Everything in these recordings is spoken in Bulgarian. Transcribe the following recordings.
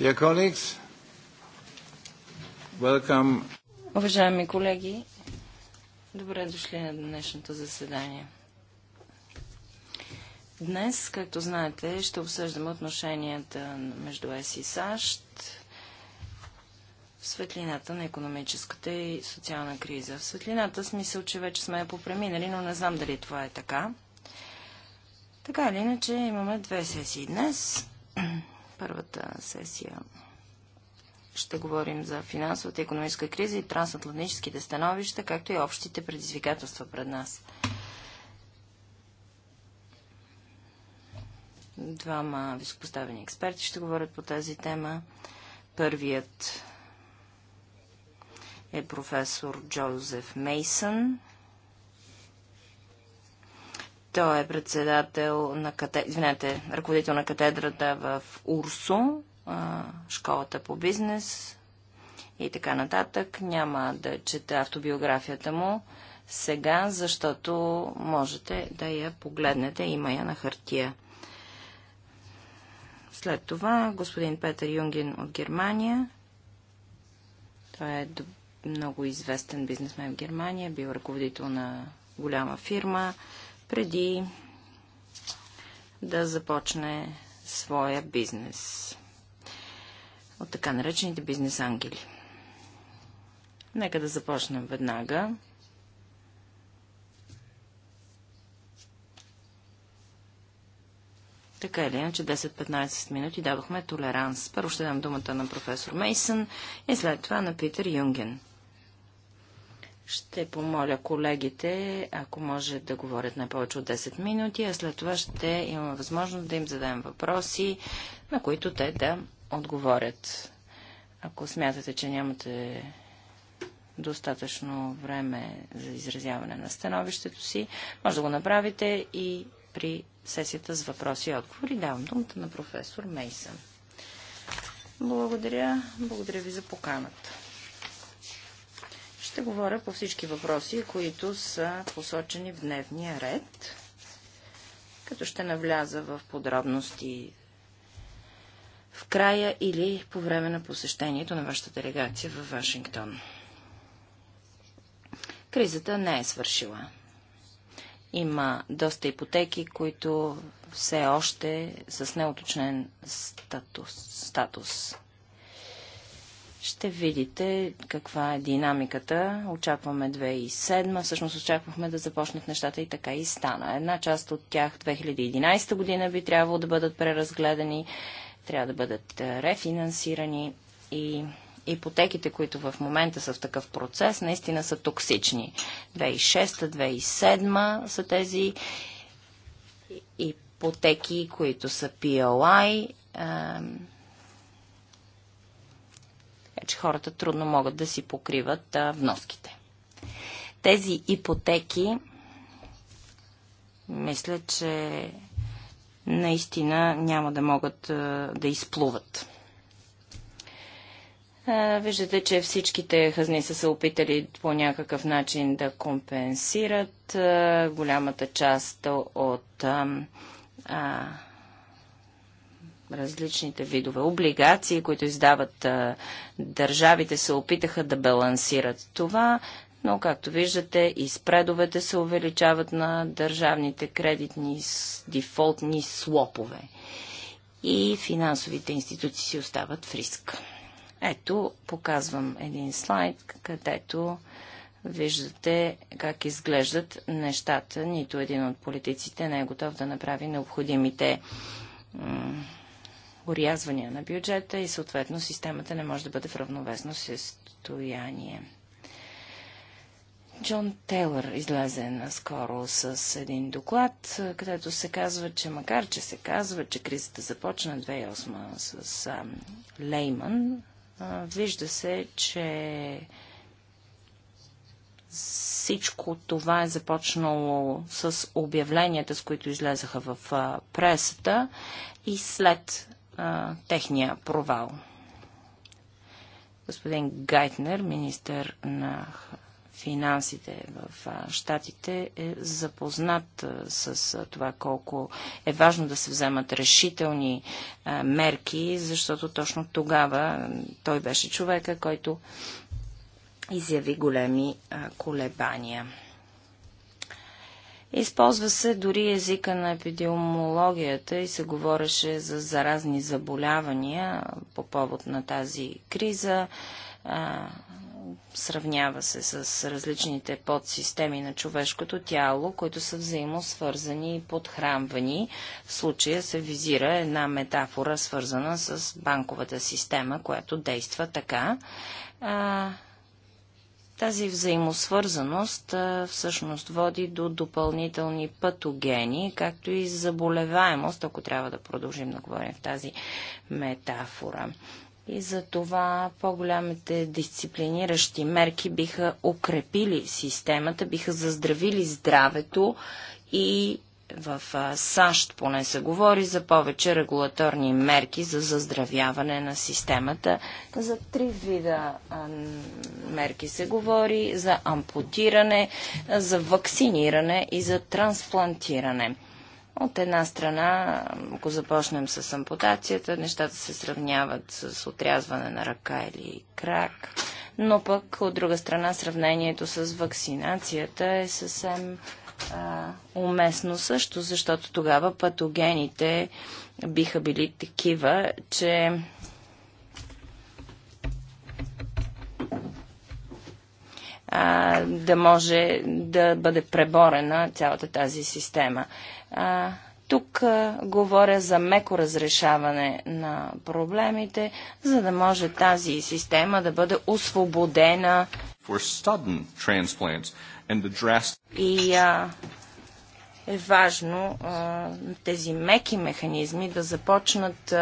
Dear colleagues, welcome. Уважаеми колеги, добре дошли на днешното заседание. Днес, както знаете, ще обсъждаме отношенията между ЕС и САЩ в светлината на економическата и социална криза. В светлината смисъл, че вече сме я попреминали, но не знам дали това е така. Така или иначе имаме две сесии днес първата сесия ще говорим за финансовата и економическа криза и трансатлантическите становища, както и общите предизвикателства пред нас. Двама високоставени експерти ще говорят по тази тема. Първият е професор Джозеф Мейсън, той е председател на кате... Извинете, ръководител на катедрата в УРСО, школата по бизнес и така нататък. Няма да чета автобиографията му сега, защото можете да я погледнете, има я на хартия. След това господин Петър Юнгин от Германия. Той е много известен бизнесмен в Германия, бил ръководител на голяма фирма, преди да започне своя бизнес от така наречените бизнес ангели. Нека да започнем веднага. Така или иначе, 10-15 минути дадохме толеранс. Първо ще дам думата на професор Мейсън и след това на Питер Юнген. Ще помоля колегите, ако може да говорят на повече от 10 минути, а след това ще имаме възможност да им зададем въпроси, на които те да отговорят. Ако смятате, че нямате достатъчно време за изразяване на становището си, може да го направите и при сесията с въпроси и отговори. Давам думата на професор Мейсън. Благодаря. Благодаря ви за поканата. Ще говоря по всички въпроси, които са посочени в дневния ред, като ще навляза в подробности в края или по време на посещението на вашата делегация в Вашингтон. Кризата не е свършила. Има доста ипотеки, които все още с неуточнен статус. статус ще видите каква е динамиката. Очакваме 2007, всъщност очаквахме да започнат нещата и така и стана. Една част от тях 2011 година би трябвало да бъдат преразгледани, трябва да бъдат е, рефинансирани и ипотеките, които в момента са в такъв процес, наистина са токсични. 2006-2007 са тези ипотеки, които са PLI, така че хората трудно могат да си покриват а, вноските. Тези ипотеки, мисля, че наистина няма да могат а, да изплуват. Виждате, че всичките хазни са се опитали по някакъв начин да компенсират голямата част от а, различните видове облигации, които издават а, държавите, се опитаха да балансират това, но както виждате и спредовете се увеличават на държавните кредитни дефолтни слопове. И финансовите институции си остават в риск. Ето, показвам един слайд, където виждате как изглеждат нещата. Нито един от политиците не е готов да направи необходимите орязвания на бюджета и съответно системата не може да бъде в равновесно състояние. Джон Тейлър излезе наскоро с един доклад, където се казва, че макар, че се казва, че кризата започна 2008 с а, Лейман, а, вижда се, че всичко това е започнало с обявленията, с които излезаха в а, пресата и след а, техния провал. Господин Гайтнер, министър на финансите в Штатите е запознат с това колко е важно да се вземат решителни мерки, защото точно тогава той беше човека, който изяви големи колебания. Използва се дори езика на епидемиологията и се говореше за заразни заболявания по повод на тази криза. сравнява се с различните подсистеми на човешкото тяло, които са взаимосвързани и подхранвани. В случая се визира една метафора, свързана с банковата система, която действа така. Тази взаимосвързаност всъщност води до допълнителни патогени, както и заболеваемост, ако трябва да продължим да говорим в тази метафора. И за това по-голямите дисциплиниращи мерки биха укрепили системата, биха заздравили здравето и в САЩ поне се говори за повече регулаторни мерки за заздравяване на системата. За три вида мерки се говори за ампутиране, за вакциниране и за трансплантиране. От една страна, ако започнем с ампутацията, нещата се сравняват с отрязване на ръка или крак, но пък от друга страна сравнението с вакцинацията е съвсем а, уместно също, защото тогава патогените биха били такива, че а, да може да бъде преборена цялата тази система. А, тук а, говоря за меко разрешаване на проблемите, за да може тази система да бъде освободена. For sudden transplants и е важно тези меки механизми да започнат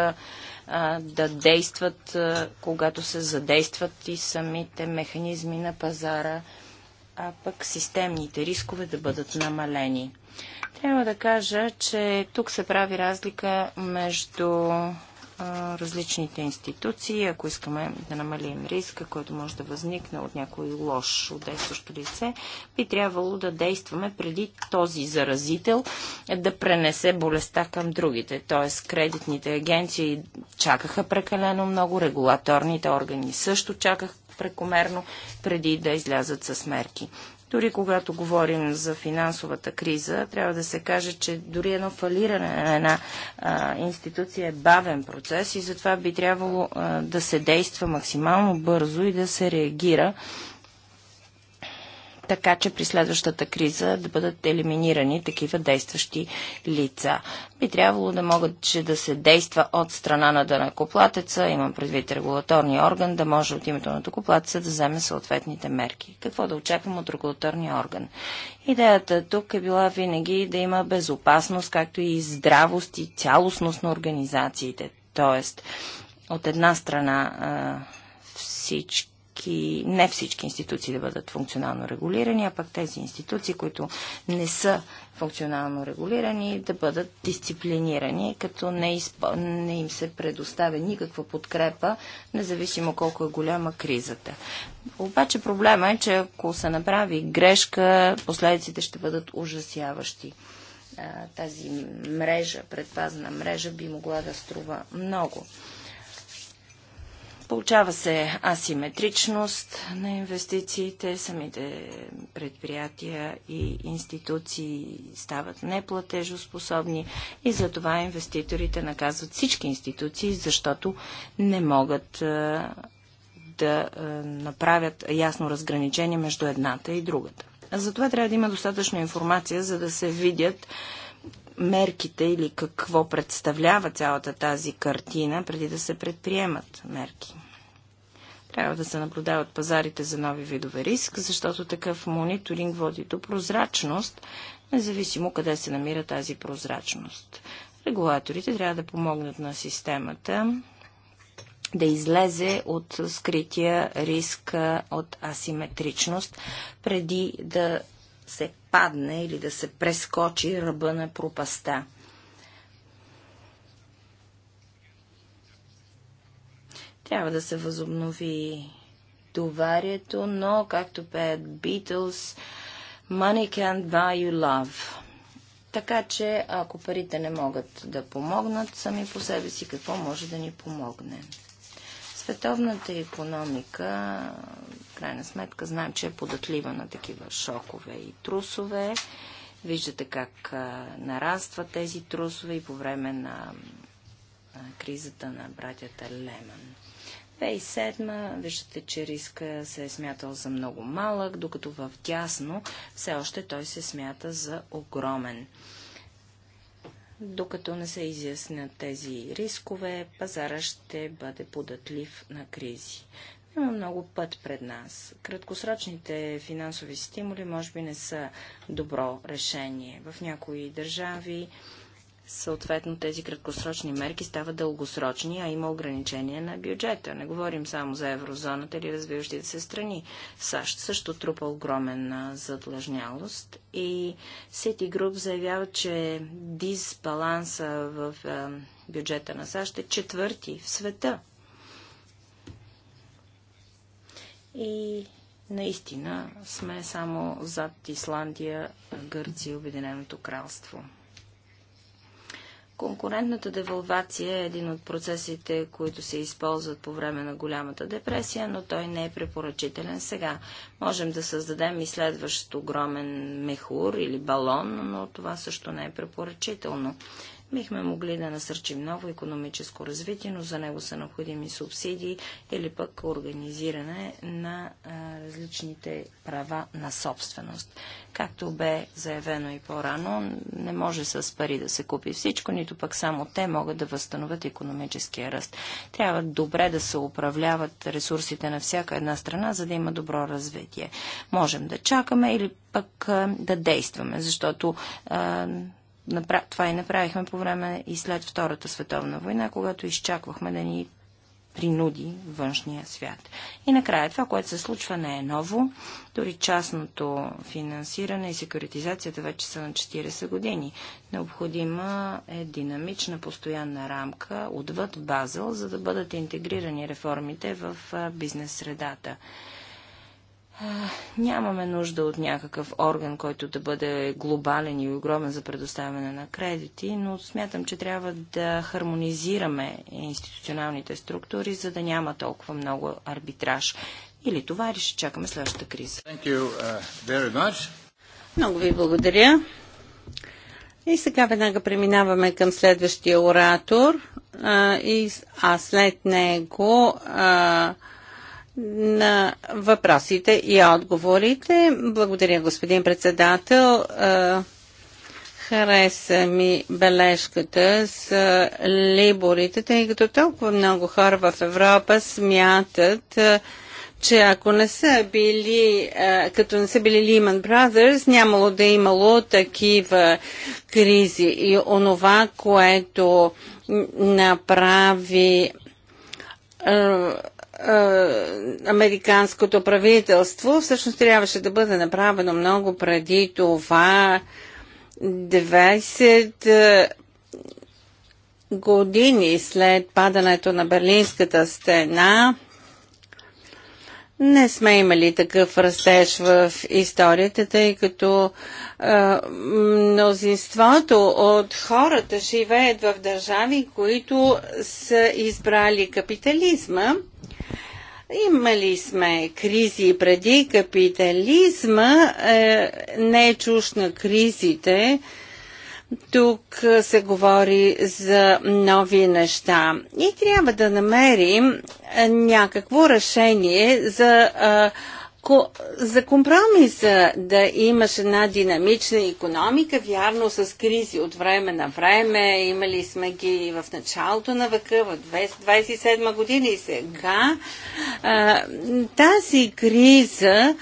да действат, когато се задействат и самите механизми на пазара, а пък системните рискове да бъдат намалени. Трябва да кажа, че тук се прави разлика между различните институции, ако искаме да намалим риска, който може да възникне от някой лош от действащо лице, би трябвало да действаме преди този заразител да пренесе болестта към другите. Т.е. кредитните агенции чакаха прекалено много, регулаторните органи също чакаха прекомерно преди да излязат с мерки. Дори когато говорим за финансовата криза, трябва да се каже, че дори едно фалиране на една а, институция е бавен процес и затова би трябвало а, да се действа максимално бързо и да се реагира така че при следващата криза да бъдат елиминирани такива действащи лица. Би трябвало да могат че да се действа от страна на дънакоплатеца, имам предвид регулаторния орган, да може от името на дънакоплатеца да вземе съответните мерки. Какво да очаквам от регулаторния орган? Идеята тук е била винаги да има безопасност, както и здравост и цялостност на организациите. Тоест, от една страна всички всички, не всички институции да бъдат функционално регулирани, а пък тези институции, които не са функционално регулирани, да бъдат дисциплинирани, като не, изп... не им се предоставя никаква подкрепа, независимо колко е голяма кризата. Обаче проблема е, че ако се направи грешка, последиците ще бъдат ужасяващи тази мрежа, предпазна мрежа би могла да струва много. Получава се асиметричност на инвестициите, самите предприятия и институции стават неплатежоспособни и затова инвеститорите наказват всички институции, защото не могат да направят ясно разграничение между едната и другата. Затова трябва да има достатъчно информация, за да се видят мерките или какво представлява цялата тази картина, преди да се предприемат мерки. Трябва да се наблюдават пазарите за нови видове риск, защото такъв мониторинг води до прозрачност, независимо къде се намира тази прозрачност. Регулаторите трябва да помогнат на системата да излезе от скрития риск от асиметричност, преди да се падне или да се прескочи ръба на пропаста. Трябва да се възобнови доварието, но, както пеят Beatles, Money can't buy you love. Така че, ако парите не могат да помогнат сами по себе си, какво може да ни помогне? Световната економика, в крайна сметка, знаем, че е податлива на такива шокове и трусове. Виждате как нараства тези трусове и по време на кризата на братята Леман. 2007 виждате, че риска се е смятал за много малък, докато в дясно все още той се смята за огромен. Докато не се изяснят тези рискове, пазара ще бъде податлив на кризи. Има много път пред нас. Краткосрочните финансови стимули може би не са добро решение. В някои държави съответно тези краткосрочни мерки стават дългосрочни, а има ограничения на бюджета. Не говорим само за еврозоната или развиващите се страни. САЩ също трупа огромен задлъжнялост и груп заявява, че дисбаланса в бюджета на САЩ е четвърти в света. И наистина сме само зад Исландия, Гърция и Обединеното кралство. Конкурентната девалвация е един от процесите, които се използват по време на голямата депресия, но той не е препоръчителен сега. Можем да създадем и следващ огромен мехур или балон, но това също не е препоръчително. Бихме могли да насърчим ново економическо развитие, но за него са необходими субсидии или пък организиране на а, различните права на собственост. Както бе заявено и по-рано, не може с пари да се купи всичко, нито пък само те могат да възстановят економическия ръст. Трябва добре да се управляват ресурсите на всяка една страна, за да има добро развитие. Можем да чакаме или пък а, да действаме, защото а, това и направихме по време и след Втората световна война, когато изчаквахме да ни принуди външния свят. И накрая това, което се случва, не е ново. Дори частното финансиране и секуритизацията вече са на 40 години. Необходима е динамична, постоянна рамка отвъд Базел, за да бъдат интегрирани реформите в бизнес средата нямаме нужда от някакъв орган, който да бъде глобален и огромен за предоставяне на кредити, но смятам, че трябва да хармонизираме институционалните структури, за да няма толкова много арбитраж. Или това ли ще чакаме следващата криза. Uh, много ви благодаря. И сега веднага преминаваме към следващия оратор, а, и, а след него а, на въпросите и отговорите. Благодаря, господин председател. Хареса ми бележката с либорите, тъй като толкова много хора в Европа смятат, че ако не са били, като не са били Lehman Brothers, нямало да е имало такива кризи. И онова, което направи американското правителство. Всъщност трябваше да бъде направено много преди това. 20 години след падането на Берлинската стена не сме имали такъв растеж в историята, тъй като е, мнозинството от хората живеят в държави, които са избрали капитализма Имали сме кризи преди. Капитализма е, не е чуш на кризите. Тук се говори за нови неща и трябва да намерим някакво решение за Е, за компромиса да имаш една динамична економика, вярно с кризи от време на време, имали сме ги в началото на века, в 27 година и сега. А, тази криза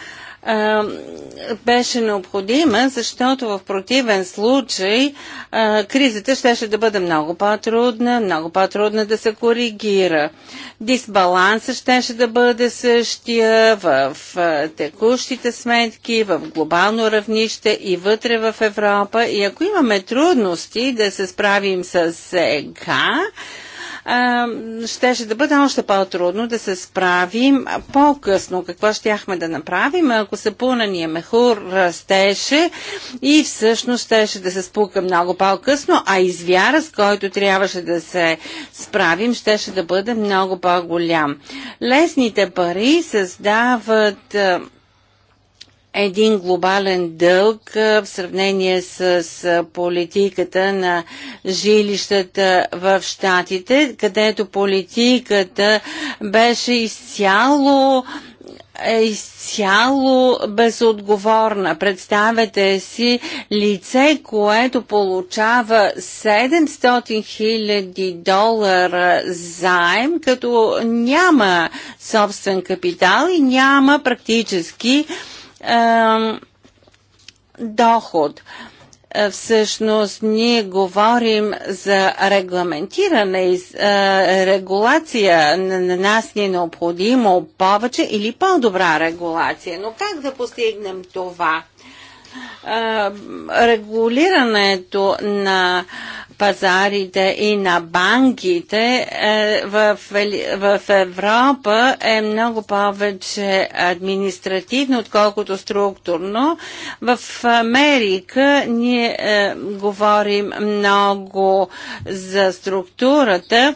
беше необходима, защото в противен случай кризата щеше да бъде много по-трудна, много по-трудна да се коригира. Дисбалансът щеше да бъде същия в текущите сметки, в глобално равнище и вътре в Европа. И ако имаме трудности да се справим с сега, щеше да бъде още по-трудно да се справим по-късно. Какво щяхме да направим, ако сапунания мехур растеше и всъщност щеше да се спука много по-късно, а извяра, с който трябваше да се справим, щеше да бъде много по-голям. Лесните пари създават един глобален дълг в сравнение с политиката на жилищата в Штатите, където политиката беше изцяло е изцяло безотговорна. Представете си лице, което получава 700 хиляди долара заем, като няма собствен капитал и няма практически доход. Всъщност ние говорим за регламентиране и регулация. На нас ни е необходимо повече или по-добра регулация. Но как да постигнем това? регулирането на пазарите и на банките е, в, Европа е много повече административно, отколкото структурно. В Америка ние е, говорим много за структурата. Е,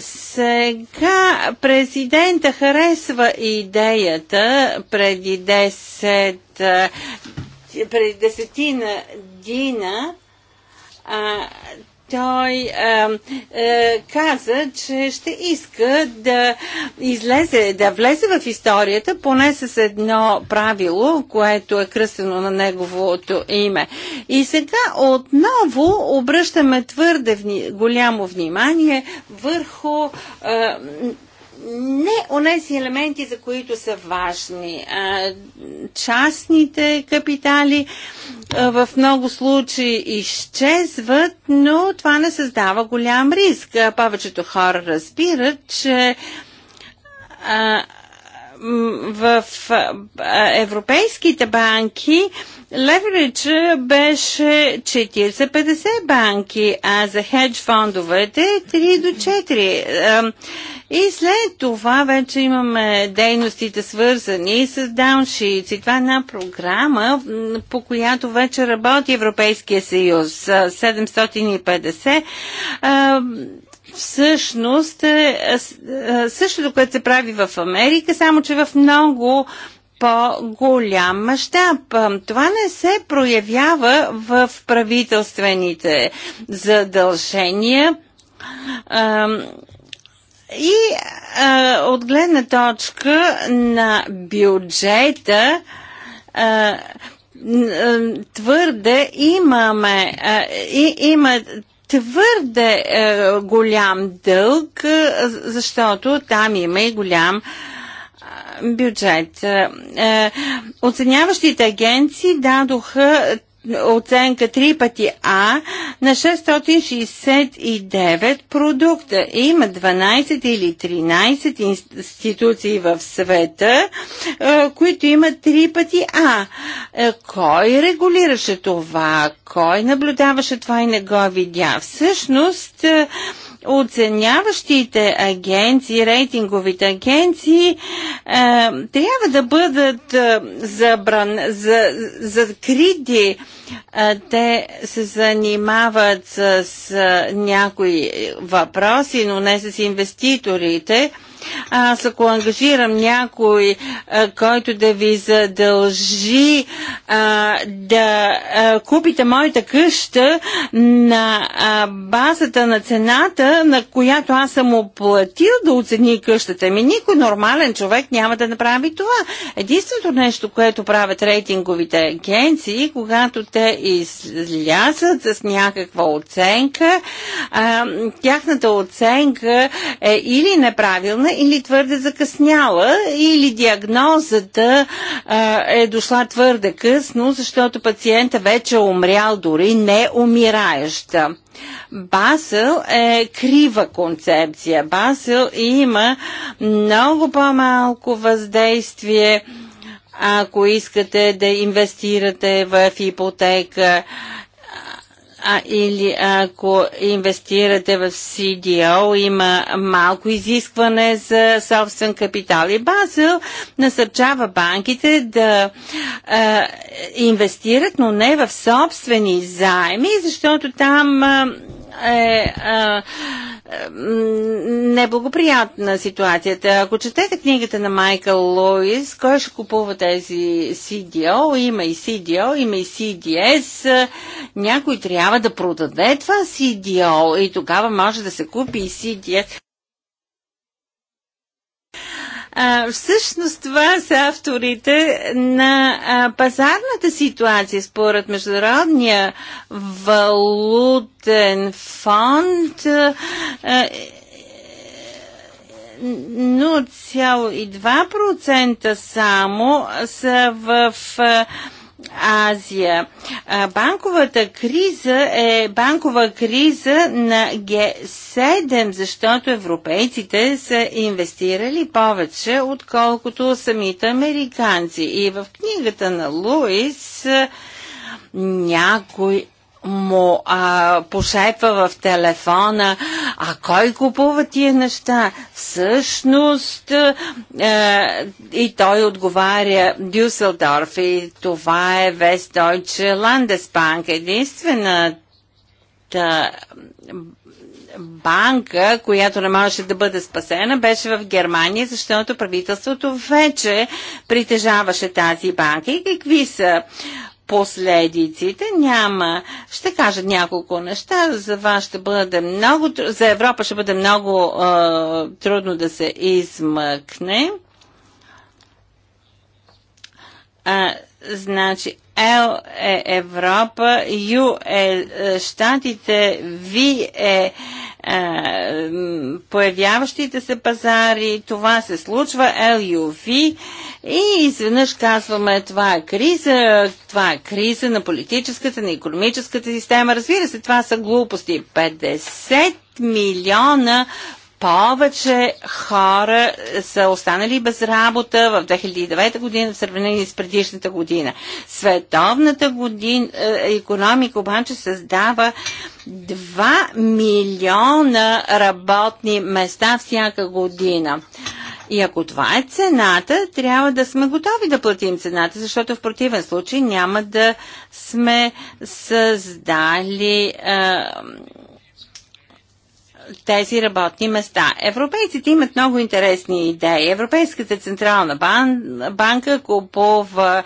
сега президента харесва идеята преди 10 преди десетина дина а, той а, а, каза, че ще иска да излезе, да влезе в историята, поне с едно правило, което е кръстено на неговото име. И сега отново обръщаме твърде вни, голямо внимание върху а, не онези елементи, за които са важни. А, частните капитали а, в много случаи изчезват, но това не създава голям риск. повечето хора разбират, че а, в европейските банки леверидж беше 40-50 банки, а за хедж фондовете 3 до 4. И след това вече имаме дейностите свързани с дауншиц. Това е една програма, по която вече работи Европейския съюз. 750 всъщност е, е, е същото, което се прави в Америка, само че в много по-голям мащаб. Е, това не се проявява в правителствените задължения. И от гледна точка на бюджета, твърде имаме, и, има твърде е, голям дълг, е, защото там има и голям е, бюджет. Е, оценяващите агенции дадоха оценка 3 пъти А на 669 продукта. Има 12 или 13 институции в света, е, които имат 3 пъти А. Е, кой регулираше това? Кой наблюдаваше това и не го видя? Всъщност, е, оценяващите агенции, рейтинговите агенции, е, трябва да бъдат е, забран, за, закрити. Е, те се занимават с, с е, някои въпроси, но не с инвеститорите. Е, аз ако ангажирам някой, който да ви задължи а, да а, купите моята къща на а, базата на цената, на която аз съм оплатил да оцени къщата ми, никой нормален човек няма да направи това. Единственото нещо, което правят рейтинговите агенции, когато те излязат с някаква оценка, а, тяхната оценка е или неправилна, или твърде закъсняла, или диагнозата а, е дошла твърде късно, защото пациента вече е умрял, дори не умираеща. Басел е крива концепция. Басел има много по-малко въздействие, ако искате да инвестирате в ипотека а, или ако инвестирате в CDO, има малко изискване за собствен капитал. И Базел насърчава банките да а, инвестират, но не в собствени заеми, защото там а, е а, е, неблагоприятна ситуацията. Ако четете книгата на Майкъл Луис, кой ще купува тези CDO, има и CDO, има и CDS, някой трябва да продаде това CDO и тогава може да се купи и CDS. А, всъщност това са авторите на а, пазарната ситуация според Международния валутен фонд. А, 0,2% е, само са в а, Азия. Банковата криза е банкова криза на Г7, защото европейците са инвестирали повече, отколкото самите американци. И в книгата на Луис някой му а, пошепва в телефона, а кой купува тия неща? Всъщност а, е, и той отговаря Дюселдорф и това е Вест Дойче Ландесбанк. Единствената банка, която не можеше да бъде спасена, беше в Германия, защото правителството вече притежаваше тази банка. И какви са последиците. Няма. Ще кажа няколко неща. За вас ще бъде много. За Европа ще бъде много е, трудно да се измъкне. А, значи, L е Европа, U е, е Штатите, V е. е е, появяващите се пазари, това се случва, LUV и изведнъж казваме това е криза, това е криза на политическата, на економическата система. Разбира се, това са глупости. 50 милиона повече хора са останали без работа в 2009 година в сравнение с предишната година. Световната година, е, економика обаче създава 2 милиона работни места всяка година. И ако това е цената, трябва да сме готови да платим цената, защото в противен случай няма да сме създали е, тези работни места. Европейците имат много интересни идеи. Европейската централна бан, банка купува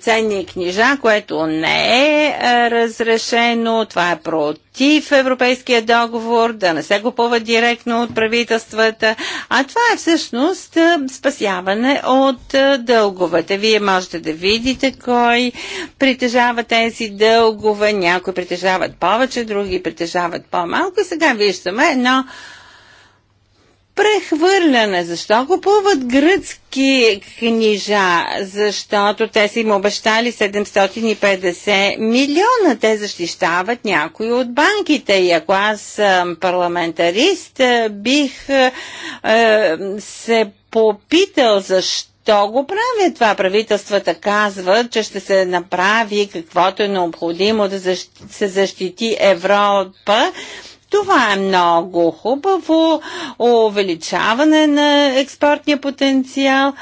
ценни книжа, което не е, е разрешено. Това е против Европейския договор, да не се купува директно от правителствата. А това е всъщност е, спасяване от е, дълговете. Вие можете да видите кой притежава тези дългове. Някои притежават повече, други притежават по-малко. И сега виждаме едно прехвърляне. Защо купуват гръцки книжа? Защото те са им обещали 750 милиона. Те защищават някои от банките. И ако аз съм парламентарист, е, бих е, е, се попитал защо то го прави това. Правителствата казват, че ще се направи каквото е необходимо да защ... се защити Европа това е много хубаво увеличаване на експортния потенциал.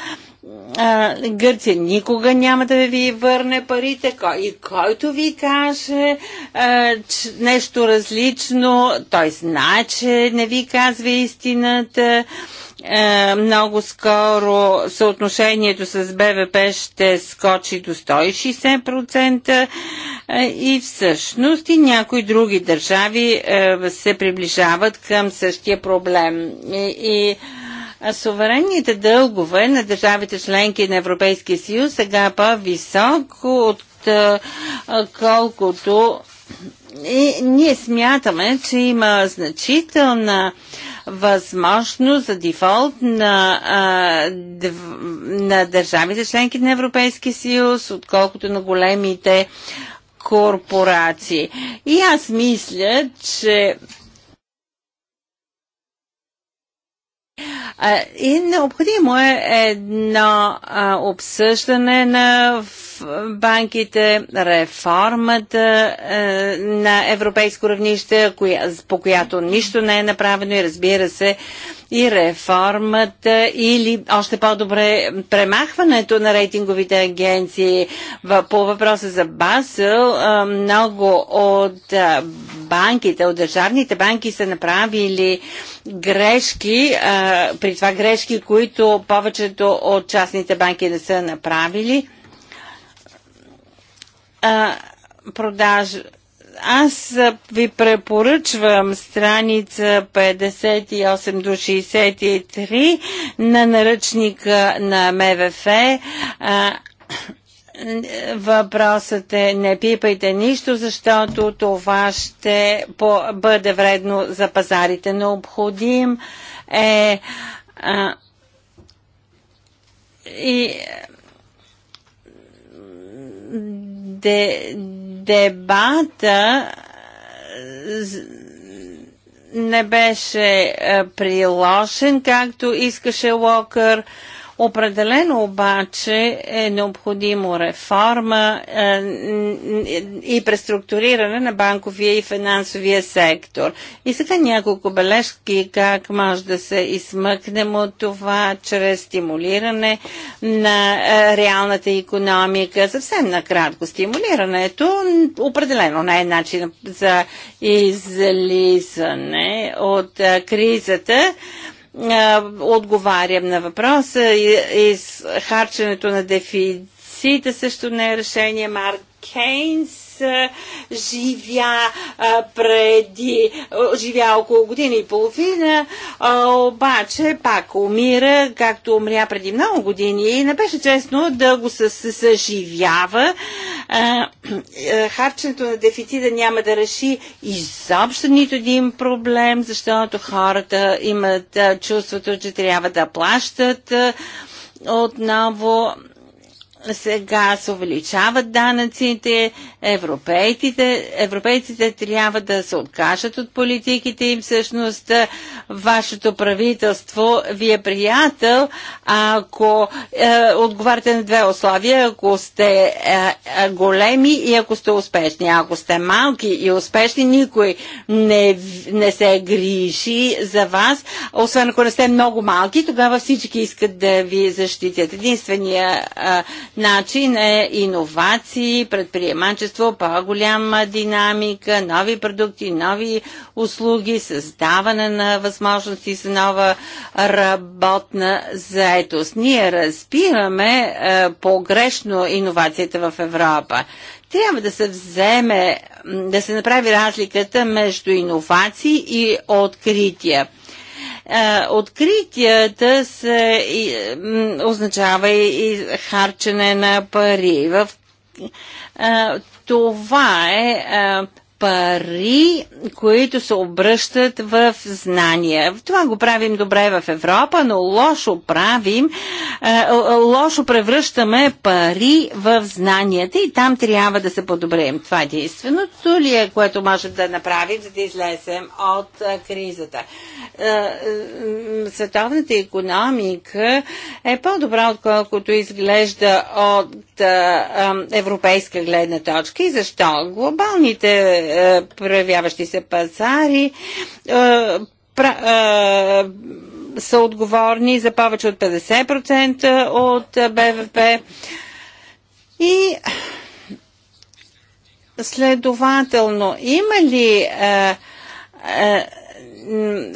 Гърция никога няма да ви върне парите и който ви каже а, че нещо различно, той знае, че не ви казва истината. А, е, много скоро съотношението с БВП ще скочи до 160% е, и всъщност и някои други държави е, се приближават към същия проблем. И, и суверенните дългове на държавите членки на Европейския съюз сега по-високо от колкото и ние смятаме, че има значителна възможност за дефолт на, а, на държавите членки на Европейския съюз, отколкото на големите корпорации. И аз мисля, че и необходимо е едно обсъждане на банките, реформата е, на европейско равнище, коя, по която нищо не е направено и разбира се и реформата или още по-добре премахването на рейтинговите агенции по въпроса за Басъл. Е, много от е, банките, от държавните банки са направили грешки, е, при това грешки, които повечето от частните банки не са направили а, продаж. Аз ви препоръчвам страница 58 до 63 на наръчника на МВФ. А, въпросът е не пипайте нищо, защото това ще бъде вредно за пазарите. Необходим е а, и де, дебата е, не беше е, приложен, както искаше Локър. Определено обаче е необходимо реформа е, и преструктуриране на банковия и финансовия сектор. И сега няколко бележки как може да се измъкнем от това чрез стимулиране на е, реалната економика. Съвсем накратко стимулирането определено не е начин за излизане от е, кризата отговарям на въпроса. Изхарченето на дефицита също не е решение. Марк Кейнс живя преди, живя около година и половина, обаче пак умира, както умря преди много години и не беше честно да го съживява. Е, харченето на дефицита няма да реши изобщо нито един проблем, защото хората имат чувството, че трябва да плащат отново сега се увеличават данъците, европейците, европейците трябва да се откажат от политиките им. Всъщност, е, вашето правителство ви е приятел, ако е, отговаряте на две условия, ако сте е, големи и ако сте успешни. Ако сте малки и успешни, никой не, не се грижи за вас, освен ако не сте много малки, тогава всички искат да ви защитят. Единствения е, начин е иновации, предприемачество, по-голяма динамика, нови продукти, нови услуги, създаване на възможности за нова работна заетост. Ние разбираме е, погрешно иновацията в Европа трябва да се вземе, да се направи разликата между иновации и открития. Е, откритията се означава и харчене на пари. В е, това е, е пари, които се обръщат в знания. Това го правим добре в Европа, но лошо правим, е, лошо превръщаме пари в знанията и там трябва да се подобрим. Това е единственото ли е, което можем да направим, за да излезем от е, кризата. Е, световната економика е по-добра, отколкото изглежда от европейска гледна точка и защо глобалните е, проявяващи се пазари е, пра, е, са отговорни за повече от 50% от БВП. И следователно, има ли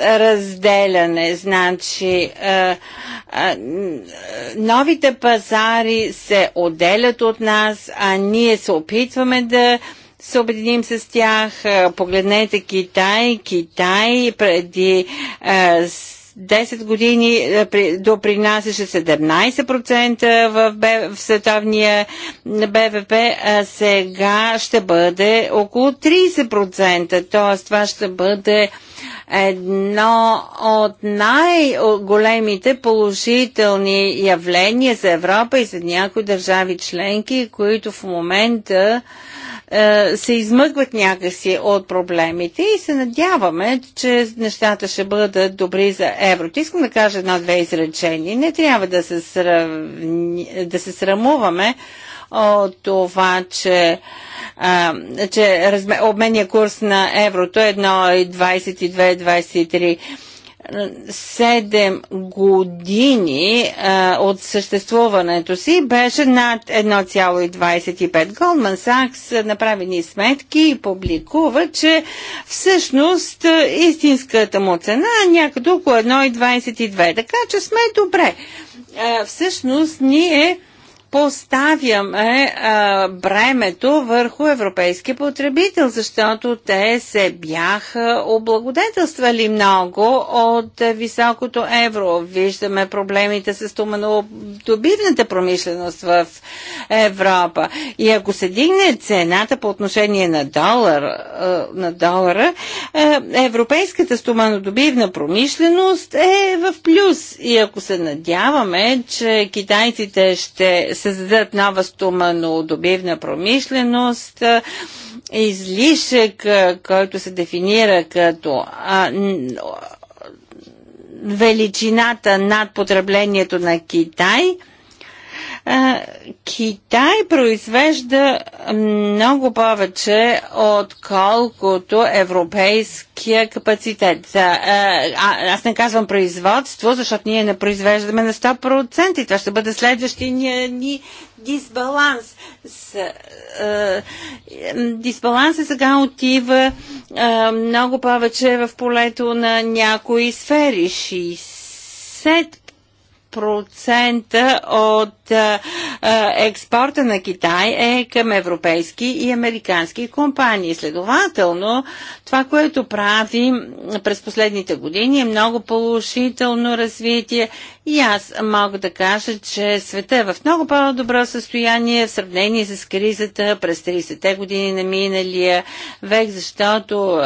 разделяне. Значи, а, а, новите пазари се отделят от нас, а ние се опитваме да се обединим с тях. Е, погледнете Китай. Китай преди 10 е, години е, допринасяше 17% в, в световния БВП, а сега ще бъде около 30%. Т.е. това ще бъде едно от най-големите положителни явления за Европа и за някои държави членки, които в момента е, се измъгват някакси от проблемите и се надяваме, че нещата ще бъдат добри за еврото. Искам да кажа едно-две изречения. Не трябва да се, сравни, да се срамуваме от това, че, а, че разме, обменния курс на еврото е 1,22-23 7 години а, от съществуването си беше над 1,25. Голман Sachs направи ни сметки и публикува, че всъщност истинската му цена е някъде около 1,22. Така че сме добре. А, всъщност ние поставяме а, бремето върху европейския потребител, защото те се бяха облагодетелствали много от високото евро. Виждаме проблемите с туманодобивната промишленост в Европа. И ако се дигне цената по отношение на, долар, а, на долара, а, европейската стоманодобивна промишленост е в плюс. И ако се надяваме, че китайците ще създадат нова стоманодобивна промишленост, излишък, който се дефинира като а, величината над потреблението на Китай – Китай произвежда много повече, отколкото европейския капацитет. А, аз не казвам производство, защото ние не произвеждаме на 100% и това ще бъде следващия ни, ни дисбаланс. С, а, дисбалансът сега отива а, много повече в полето на някои сфери процента от експорта на Китай е към европейски и американски компании. Следователно, това, което правим през последните години е много положително развитие и аз мога да кажа, че света е в много по-добро състояние в сравнение с кризата през 30-те години на миналия век, защото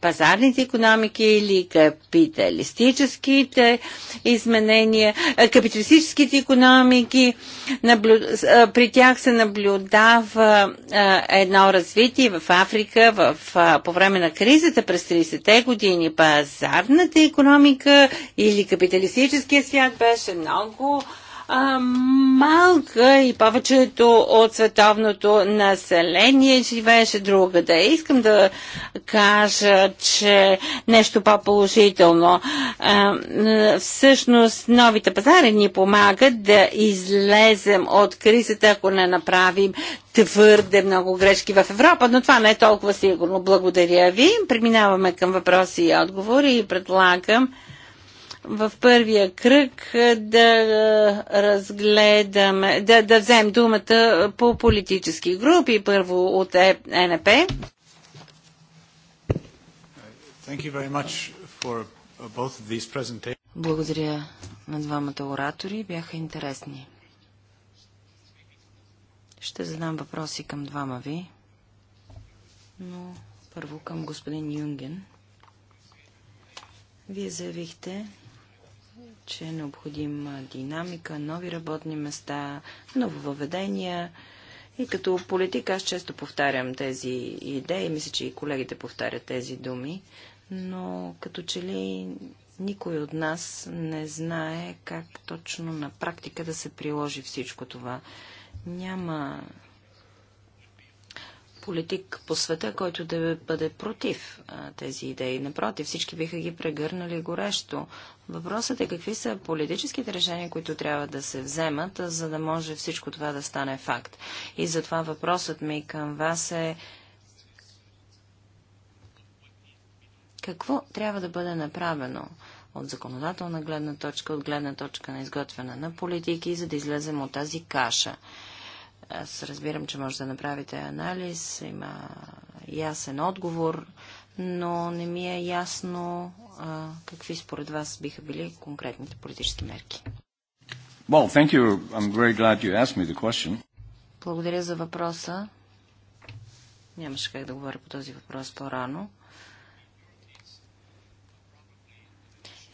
пазарните економики или капиталистическите изменения, капиталистическите економики, при тях се наблюдава едно развитие в Африка в, по време на кризата през 30-те години. Пазарната економика или капиталистическия свят беше много а, малка и повечето от световното население живееше другаде. Искам да кажа, че нещо по-положително. всъщност новите пазари ни помагат да излезем от кризата, ако не направим твърде много грешки в Европа, но това не е толкова сигурно. Благодаря ви. Преминаваме към въпроси и отговори и предлагам в първия кръг е, да е, разгледаме, да, да вземем думата по политически групи. Първо от ЕНП. Uh, Благодаря на двамата оратори. Бяха интересни. Ще задам въпроси към двама ви, но първо към господин Юнген. Вие заявихте, че е необходима динамика, нови работни места, нововъведения. И като политик аз често повтарям тези идеи, мисля, че и колегите повтарят тези думи, но като че ли никой от нас не знае как точно на практика да се приложи всичко това. Няма политик по света, който да бъде против а, тези идеи. Напротив, всички биха ги прегърнали горещо, Въпросът е какви са политическите решения, които трябва да се вземат, за да може всичко това да стане факт. И затова въпросът ми към вас е какво трябва да бъде направено от законодателна гледна точка, от гледна точка на изготвяне на политики, за да излезем от тази каша. Аз разбирам, че може да направите анализ, има ясен отговор, но не ми е ясно а, какви според вас биха били конкретните политически мерки? Well, thank you. I'm very glad you asked me the question. Благодаря за въпроса. Нямаше как да говоря по този въпрос по-рано.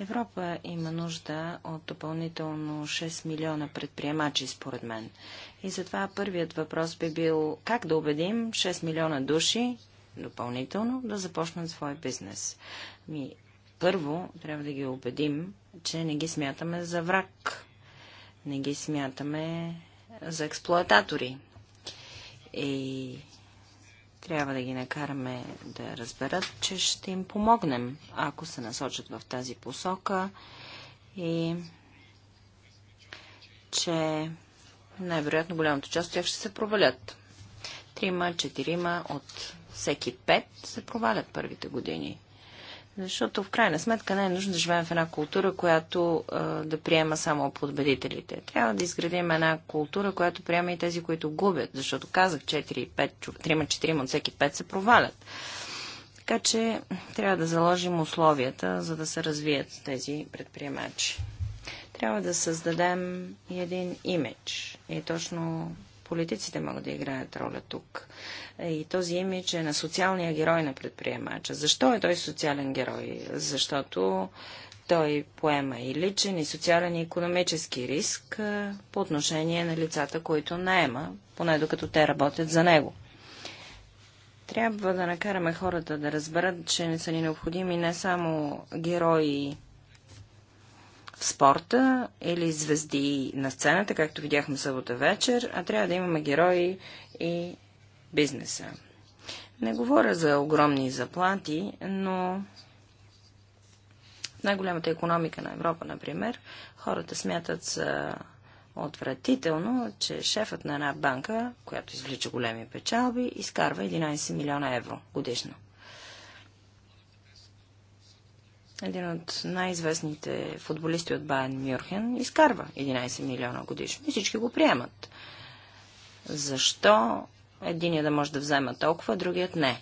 Европа има нужда от допълнително 6 милиона предприемачи, според мен. И затова първият въпрос би бил как да убедим 6 милиона души допълнително да започнат свой бизнес. Ми, първо, трябва да ги убедим, че не ги смятаме за враг. Не ги смятаме за експлоататори. И трябва да ги накараме да разберат, че ще им помогнем, ако се насочат в тази посока и че най-вероятно голямата част от тях ще се провалят. Трима, четирима от всеки пет се провалят първите години. Защото в крайна сметка не е нужно да живеем в една култура, която а, да приема само победителите. Трябва да изградим една култура, която приема и тези, които губят. Защото казах, 3-4 от всеки 5 се провалят. Така че трябва да заложим условията, за да се развият тези предприемачи. Трябва да създадем и един имидж. И точно политиците могат да играят роля тук. И този имидж е на социалния герой на предприемача. Защо е той социален герой? Защото той поема и личен, и социален, и економически риск по отношение на лицата, които наема, поне докато те работят за него трябва да накараме хората да разберат, че не са ни необходими не само герои в спорта или звезди на сцената, както видяхме събота вечер, а трябва да имаме герои и бизнеса. Не говоря за огромни заплати, но в най-голямата економика на Европа, например, хората смятат за отвратително, че шефът на една банка, която извлича големи печалби, изкарва 11 милиона евро годишно. един от най-известните футболисти от Байен Мюрхен, изкарва 11 милиона годишно и всички го приемат. Защо единия да може да взема толкова, другият не?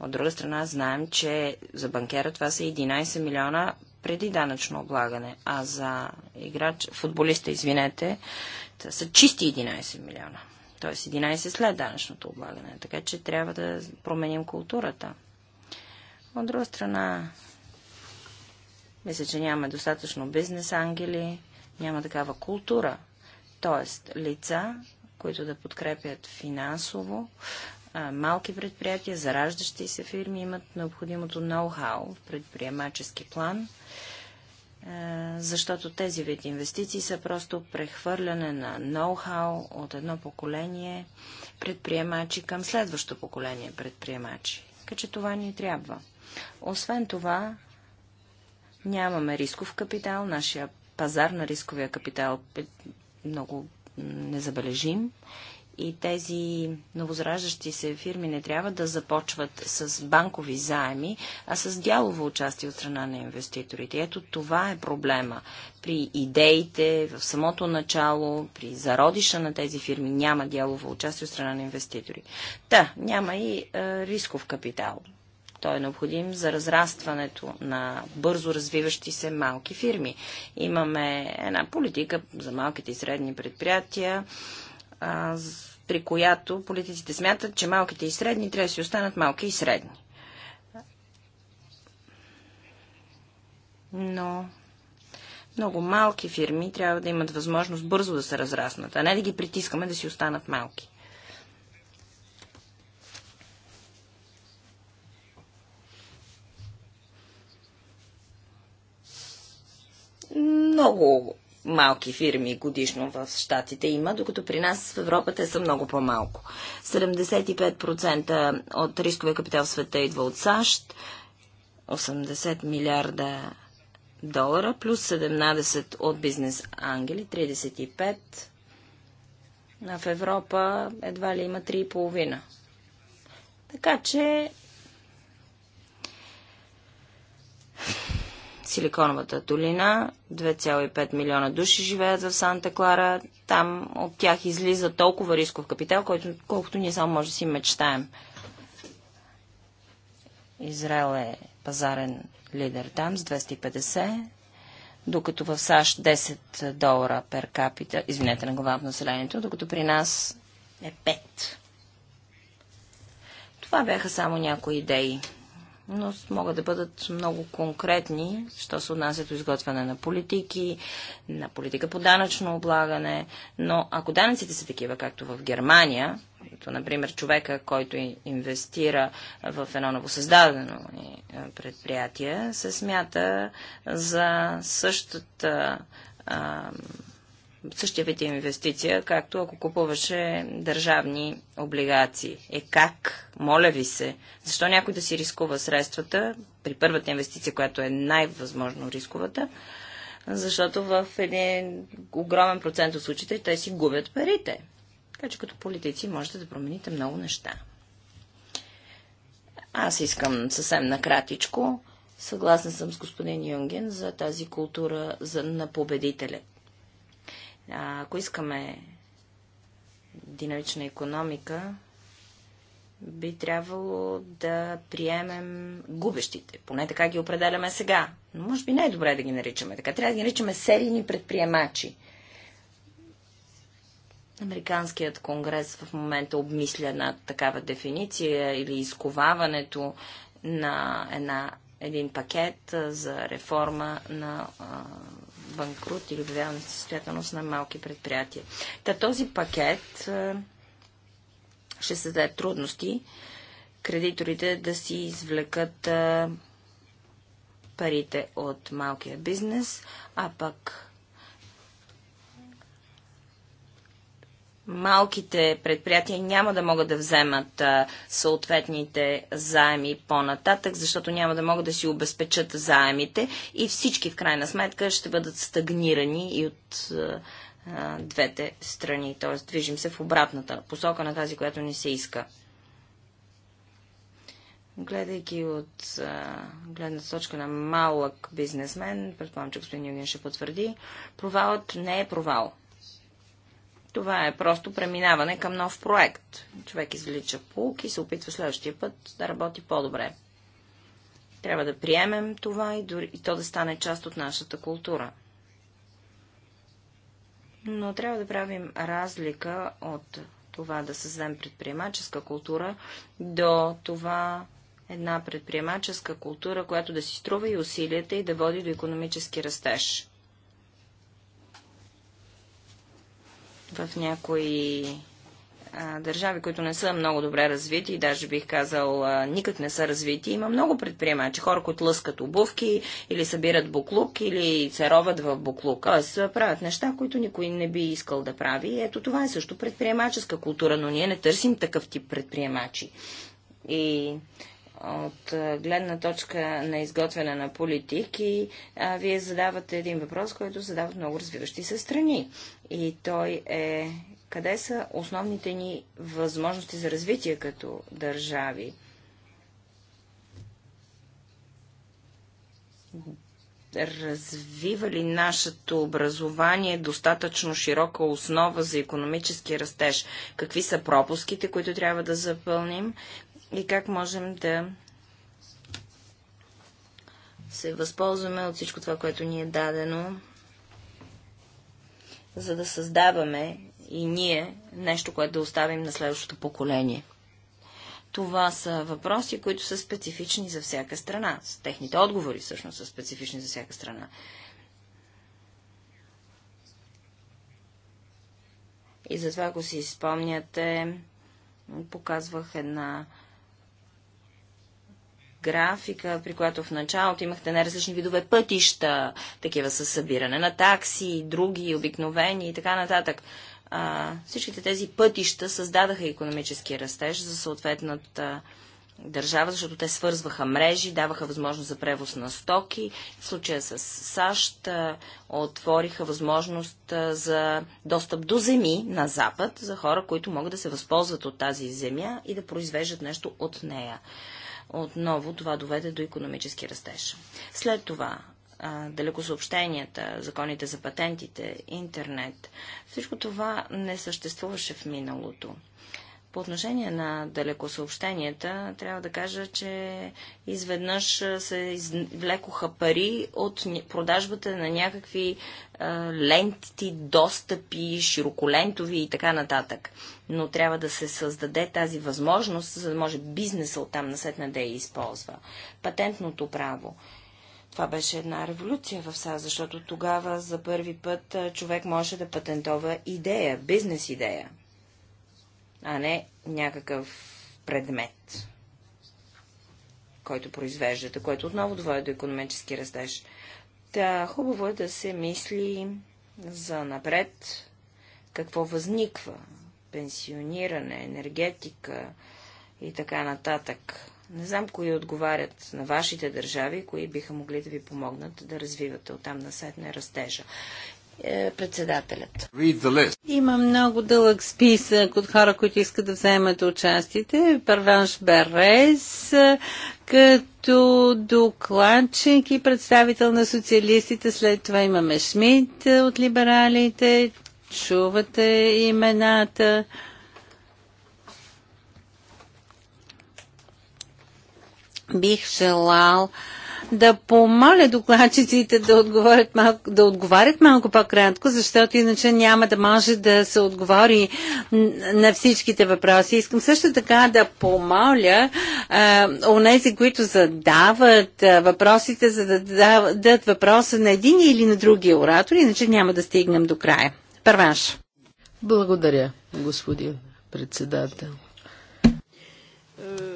От друга страна знаем, че за банкера това са 11 милиона преди данъчно облагане, а за играч, футболиста, извинете, това са чисти 11 милиона. Т.е. 11 след данъчното облагане. Така че трябва да променим културата. От друга страна, мисля, че нямаме достатъчно бизнес ангели, няма такава култура. Тоест, лица, които да подкрепят финансово малки предприятия, зараждащи се фирми, имат необходимото ноу-хау в предприемачески план, защото тези вид инвестиции са просто прехвърляне на ноу-хау от едно поколение предприемачи към следващо поколение предприемачи. Така че това ни трябва. Освен това, Нямаме рисков капитал, нашия пазар на рисковия капитал е много незабележим и тези новозраждащи се фирми не трябва да започват с банкови заеми, а с дялово участие от страна на инвеститорите. Ето това е проблема. При идеите, в самото начало, при зародиша на тези фирми няма дялово участие от страна на инвеститори. Та, няма и е, рисков капитал. Той е необходим за разрастването на бързо развиващи се малки фирми. Имаме една политика за малките и средни предприятия, при която политиците смятат, че малките и средни трябва да си останат малки и средни. Но много малки фирми трябва да имат възможност бързо да се разраснат, а не да ги притискаме да си останат малки. много малки фирми годишно в Штатите има, докато при нас в Европа те са много по-малко. 75% от рисковия капитал в света идва от САЩ, 80 милиарда долара, плюс 17 от бизнес ангели, 35 а в Европа едва ли има 3,5. Така че Силиконовата долина, 2,5 милиона души живеят в Санта Клара. Там от тях излиза толкова рисков капитал, който, колкото ние само може да си мечтаем. Израел е пазарен лидер там с 250, докато в САЩ 10 долара пер капита, извинете на глава в населението, докато при нас е 5. Това бяха само някои идеи но могат да бъдат много конкретни, що се отнася до изготвяне на политики, на политика по данъчно облагане. Но ако данъците са такива, както в Германия, като, например, човека, който инвестира в едно новосъздадено е, предприятие, се смята за същата същия вид инвестиция, както ако купуваше държавни облигации. Е как? Моля ви се. Защо някой да си рискува средствата при първата инвестиция, която е най-възможно рисковата? Защото в един огромен процент от случаите те си губят парите. Така че като политици можете да промените много неща. Аз искам съвсем накратичко. Съгласна съм с господин Юнген за тази култура за, на победителя. Ако искаме динамична економика, би трябвало да приемем губещите. Поне така ги определяме сега. Но може би не е добре да ги наричаме така. Трябва да ги наричаме серийни предприемачи. Американският конгрес в момента обмисля една такава дефиниция или изковаването на една, един пакет за реформа на а, банкрут или обявяване състоятелност на малки предприятия. Та този пакет ще създаде трудности кредиторите да си извлекат парите от малкия бизнес, а пък малките предприятия няма да могат да вземат а, съответните заеми по-нататък, защото няма да могат да си обезпечат заемите и всички в крайна сметка ще бъдат стагнирани и от а, двете страни. Т.е. движим се в обратната посока на тази, която ни се иска. Гледайки от а, гледна точка на малък бизнесмен, предполагам, че господин Юген ще потвърди, провалът не е провал. Това е просто преминаване към нов проект. Човек извлича полки и се опитва следващия път да работи по-добре. Трябва да приемем това и, дори, и то да стане част от нашата култура. Но трябва да правим разлика от това да създадем предприемаческа култура до това една предприемаческа култура, която да си струва и усилията и да води до економически растеж. В някои а, държави, които не са много добре развити, и даже бих казал а, никак не са развити, има много предприемачи. Хора, които лъскат обувки или събират буклук или цароват в буклук. Тоест правят неща, които никой не би искал да прави. Ето това е също предприемаческа култура, но ние не търсим такъв тип предприемачи. И от гледна точка на изготвяне на политики, а, вие задавате един въпрос, който задават много развиващи се страни. И той е къде са основните ни възможности за развитие като държави? развива ли нашето образование достатъчно широка основа за економически растеж? Какви са пропуските, които трябва да запълним? и как можем да се възползваме от всичко това, което ни е дадено, за да създаваме и ние нещо, което да оставим на следващото поколение. Това са въпроси, които са специфични за всяка страна. Техните отговори всъщност са специфични за всяка страна. И затова, ако си спомняте, показвах една графика, при която в началото имахте най-различни видове пътища, такива с събиране на такси, други, обикновени и така нататък. А, всичките тези пътища създадаха економически растеж за съответната държава, защото те свързваха мрежи, даваха възможност за превоз на стоки. В случая с САЩ отвориха възможност за достъп до земи на Запад за хора, които могат да се възползват от тази земя и да произвеждат нещо от нея отново това доведе до економически растеж. След това далекосъобщенията, законите за патентите, интернет. Всичко това не съществуваше в миналото. По отношение на далекосъобщенията, трябва да кажа, че изведнъж се извлекоха пари от продажбата на някакви е, ленти, достъпи, широколентови и така нататък. Но трябва да се създаде тази възможност, за да може бизнеса оттам насетне да я използва. Патентното право. Това беше една революция в САЩ, защото тогава за първи път човек може да патентова идея, бизнес идея а не някакъв предмет, който произвеждате, който отново доведе до економически растеж. Та хубаво е да се мисли за напред какво възниква. Пенсиониране, енергетика и така нататък. Не знам кои отговарят на вашите държави, кои биха могли да ви помогнат да развивате оттам насетне растежа. Е, председателят. Има много дълъг списък от хора, които искат да вземат участите. Първанш Берез, е, като докладчик и представител на социалистите. След това имаме Шмидт е, от либералите. Чувате имената. Бих желал да помоля докладчиците да отговорят малко, да отговарят малко по-кратко, защото иначе няма да може да се отговори на всичките въпроси. Искам също така да помоля онези, които задават въпросите, за да дадат въпроса на един или на другия оратор, иначе няма да стигнем до края. Първаш. Благодаря, господин председател. Е,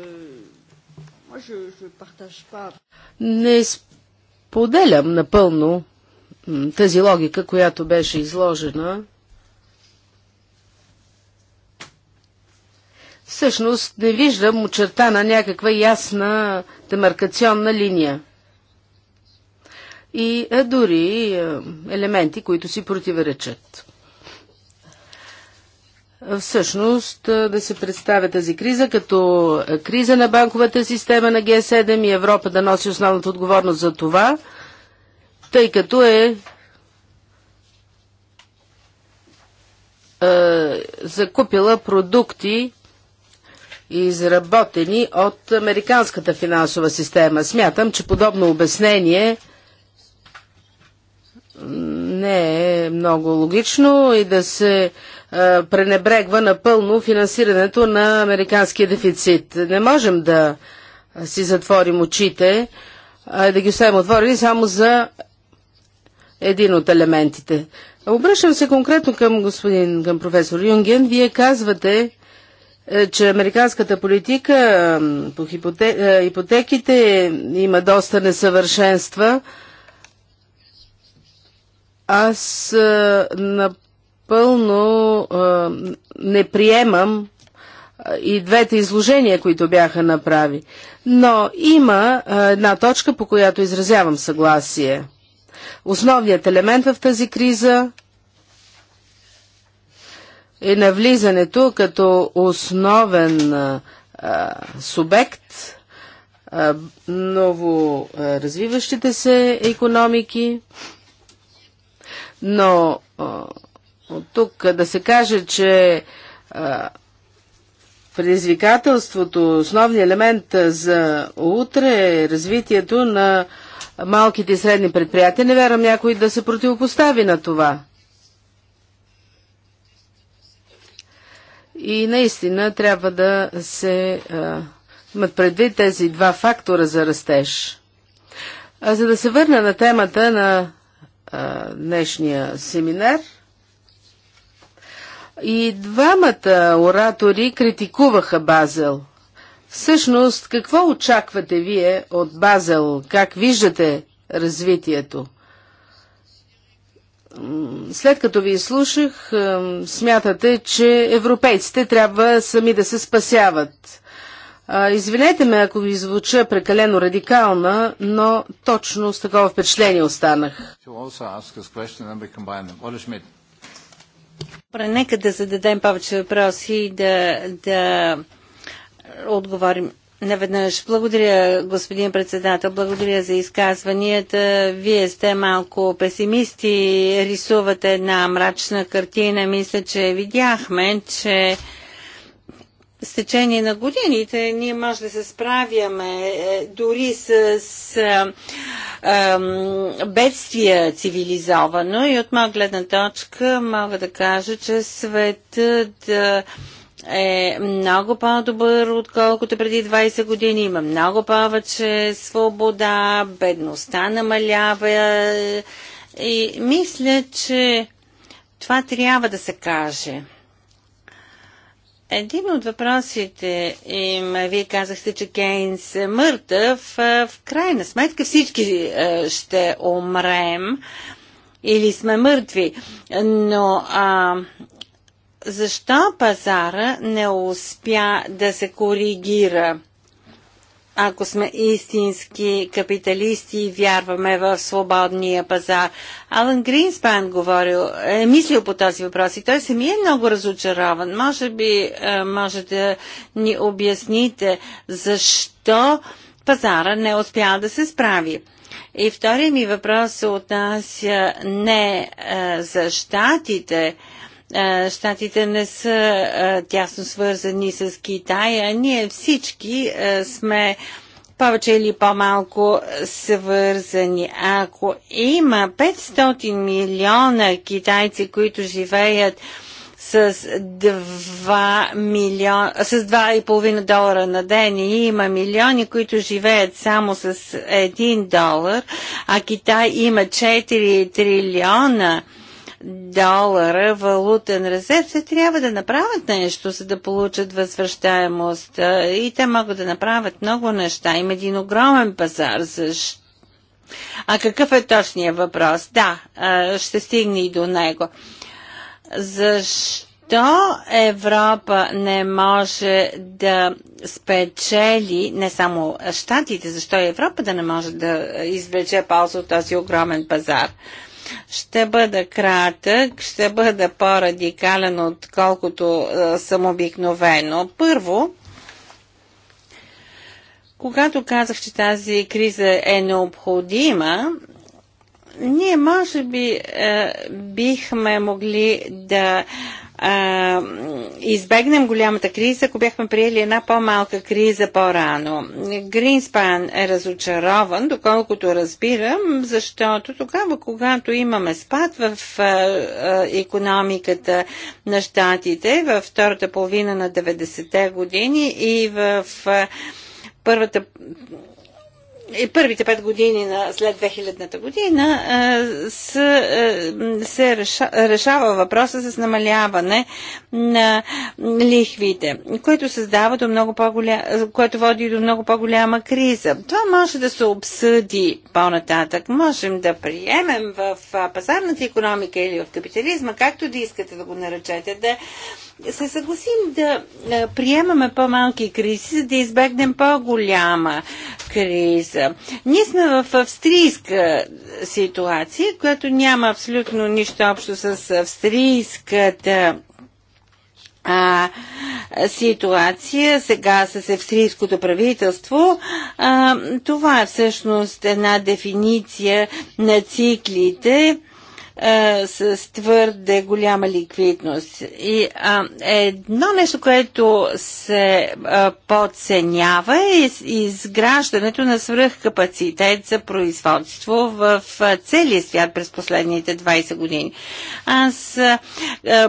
не споделям напълно тази логика, която беше изложена. Всъщност не виждам очертана някаква ясна демаркационна линия. И дори елементи, които си противоречат всъщност да се представя тази криза като криза на банковата система на Г7 и Европа да носи основната отговорност за това, тъй като е закупила продукти, изработени от американската финансова система. Смятам, че подобно обяснение не е много логично и да се е, пренебрегва напълно финансирането на американския дефицит. Не можем да си затворим очите, а да ги оставим отворени само за един от елементите. Обръщам се конкретно към господин, към професор Юнген. Вие казвате, е, че американската политика по е, ипотеките има доста несъвършенства. Аз на напълно не приемам и двете изложения, които бяха направи. Но има една точка, по която изразявам съгласие. Основният елемент в тази криза е навлизането като основен а, субект а, ново а, развиващите се економики, но а, от тук да се каже, че а, предизвикателството, основният елемент за утре е развитието на малките и средни предприятия. Не вярвам някой да се противопостави на това. И наистина трябва да се а, имат предвид тези два фактора за растеж. А за да се върна на темата на а, днешния семинар – и двамата оратори критикуваха Базел. Всъщност, какво очаквате вие от Базел? Как виждате развитието? След като ви изслушах, смятате, че европейците трябва сами да се спасяват. Извинете ме, ако ви звуча прекалено радикална, но точно с такова впечатление останах. Нека да зададем повече въпроси и да, да отговорим наведнъж. Благодаря, господин председател. Благодаря за изказванията. Вие сте малко песимисти, рисувате една мрачна картина. Мисля, че видяхме, че с течение на годините ние може да се справяме е, дори с, с е, бедствия цивилизовано и от моя гледна точка мога да кажа, че светът е, е много по-добър, отколкото преди 20 години. Има много повече свобода, бедността намалява и мисля, че това трябва да се каже. Един от въпросите им, вие казахте, че Кейнс е мъртъв. В крайна сметка всички ще умрем или сме мъртви. Но а, защо пазара не успя да се коригира? ако сме истински капиталисти и вярваме в свободния пазар. Алан Гринспан говорил, е мислил по този въпрос и той сами е много разочарован. Може би е, може да ни обясните защо пазара не успя да се справи. И втория ми въпрос се отнася не е, за щатите, Штатите не са тясно свързани с Китай, а ние всички сме повече или по-малко свързани. Ако има 500 милиона китайци, които живеят с 2,5 долара на ден и има милиони, които живеят само с 1 долар, а Китай има 4 трилиона долара валутен резерв, те трябва да направят нещо, за да получат възвръщаемост. И те могат да направят много неща. Има един огромен пазар. Защо? А какъв е точният въпрос? Да, ще стигне и до него. Защо? защо Европа не може да спечели, не само Штатите, защо Европа да не може да извлече полза от този огромен пазар? Ще бъда кратък, ще бъда по-радикален, отколкото е, съм обикновено. Първо, когато казах, че тази криза е необходима, ние може би е, бихме могли да а, избегнем голямата криза, ако бяхме приели една по-малка криза по-рано. Гринспан е разочарован, доколкото разбирам, защото тогава, когато имаме спад в а, а, економиката на щатите във втората половина на 90-те години и в а, първата и първите пет години на след 2000-та година се, се реша, решава въпроса с намаляване на лихвите, което създава до много по което води до много по-голяма криза. Това може да се обсъди по-нататък. Можем да приемем в пазарната економика или в капитализма, както да искате да го наречете, да се съгласим да приемаме по-малки кризи, за да избегнем по-голяма криза. Ние сме в австрийска ситуация, която няма абсолютно нищо общо с австрийската а, ситуация сега с австрийското правителство. А, това е всъщност една дефиниция на циклите а, с твърде голяма ликвидност. И а, едно нещо, което се а, подценява е изграждането на свръхкапацитет за производство в целия свят през последните 20 години. Аз а,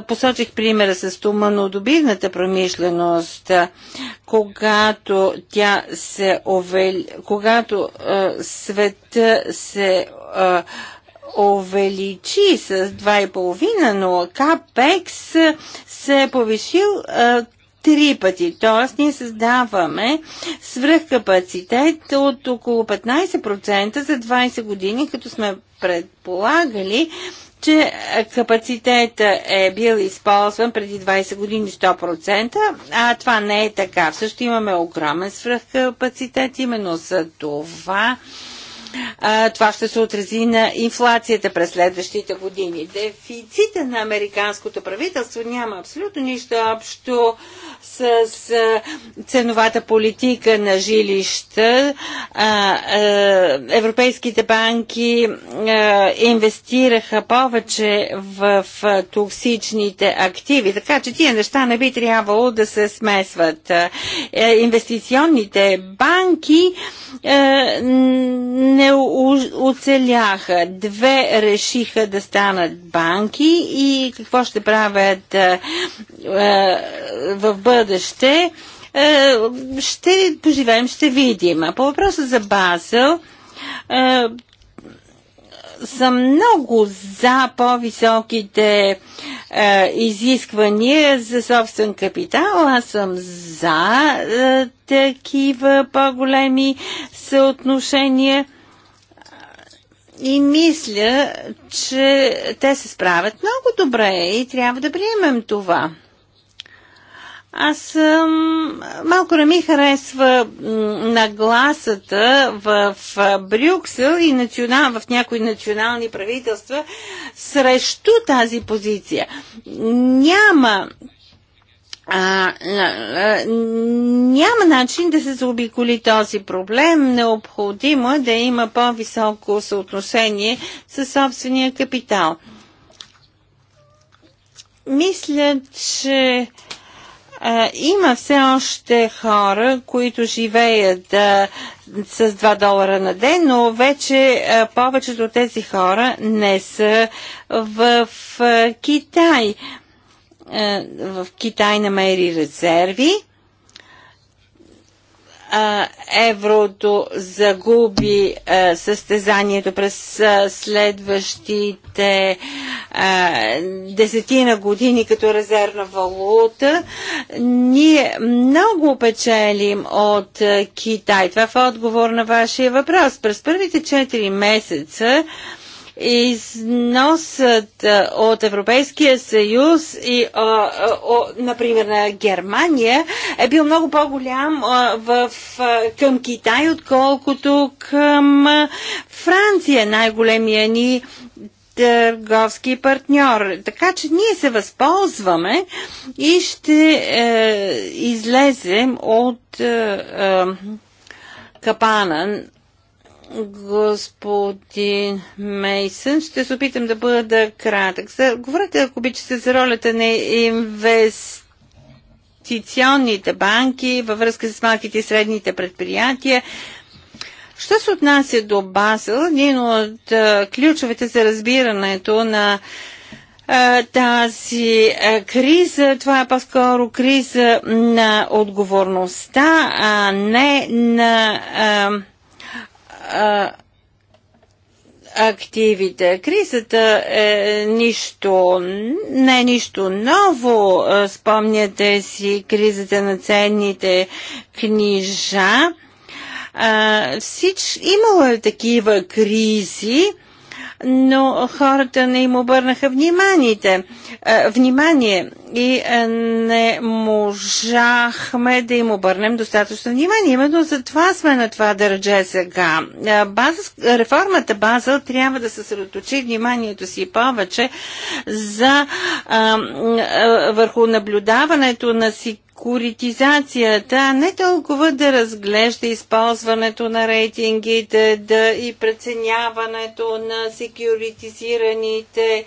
посочих примера с туманодобивната промишленост, а, когато тя се овели, когато а, света се а, увеличи с 2,5, но капекс се е повишил три пъти. Т.е. ние създаваме свръхкапацитет от около 15% за 20 години, като сме предполагали, че капацитета е бил използван преди 20 години 100%, а това не е така. Също имаме огромен свръхкапацитет, именно за това това ще се отрази на инфлацията през следващите години. Дефицита на американското правителство няма абсолютно нищо общо с, ценовата политика на жилища. европейските банки инвестираха повече в, токсичните активи, така че тия неща не би трябвало да се смесват. инвестиционните банки е, не оцеляха. Две решиха да станат банки и какво ще правят е, е, в бъдеще. Ще поживеем, ще видим. А по въпроса за Базел, съм много за по-високите е, изисквания за собствен капитал. Аз съм за е, такива по-големи съотношения и мисля, че те се справят много добре и трябва да приемем това. Аз съм... Малко не ми харесва нагласата в Брюксел и национал, в някои национални правителства срещу тази позиция. Няма а, а, няма начин да се заобиколи този проблем. Необходимо е да има по-високо съотношение със собствения капитал. Мисля, че има все още хора, които живеят а, с 2 долара на ден, но вече а, повечето от тези хора не са в Китай. А, в Китай намери резерви еврото загуби състезанието през следващите десетина години като резервна валута, ние много печелим от Китай. Това е отговор на вашия въпрос. През първите 4 месеца износът от Европейския съюз и, например, на Германия е бил много по-голям в, към Китай, отколкото към Франция, най-големия ни търговски партньор. Така че ние се възползваме и ще е, излезем от е, е, капана господин Мейсън. Ще се опитам да бъда кратък. За, говорете, ако обичате, за ролята на инвестиционните банки във връзка с малките и средните предприятия. Що се отнася до Басел, един от а, ключовете за разбирането на тази криза, това е по-скоро криза на отговорността, а не на активите. Кризата е нищо, не е нищо ново. Спомняте си кризата на ценните книжа. А, всич, имало е такива кризи но хората не им обърнаха вниманите, е, внимание и е, не можахме да им обърнем достатъчно внимание. Именно за това сме на това държе сега. Е, база, реформата Базъл трябва да съсредоточи вниманието си повече за, върху наблюдаването на си секуритизацията, не толкова да разглежда използването на рейтингите да и преценяването на секюритизираните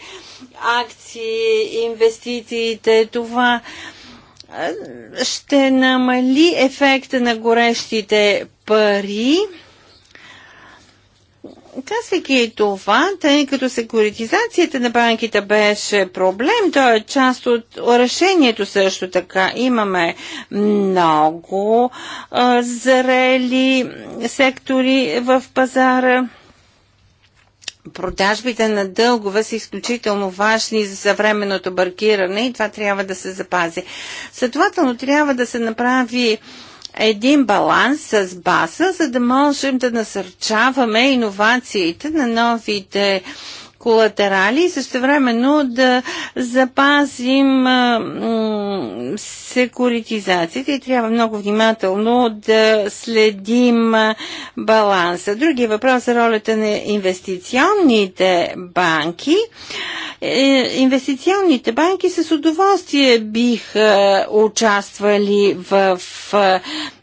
акции, инвестициите. Това ще намали ефекта на горещите пари Казвайки това, тъй като секуритизацията на банките беше проблем, то е част от решението също така. Имаме много а, зрели сектори в пазара. Продажбите на дългове са изключително важни за съвременното баркиране и това трябва да се запази. Следователно трябва да се направи един баланс с база, за да можем да насърчаваме иновациите на новите колатерали и също времено да запазим секуритизацията и трябва много внимателно да следим баланса. Другия въпрос е ролята на инвестиционните банки. Е, инвестиционните банки с удоволствие бих участвали в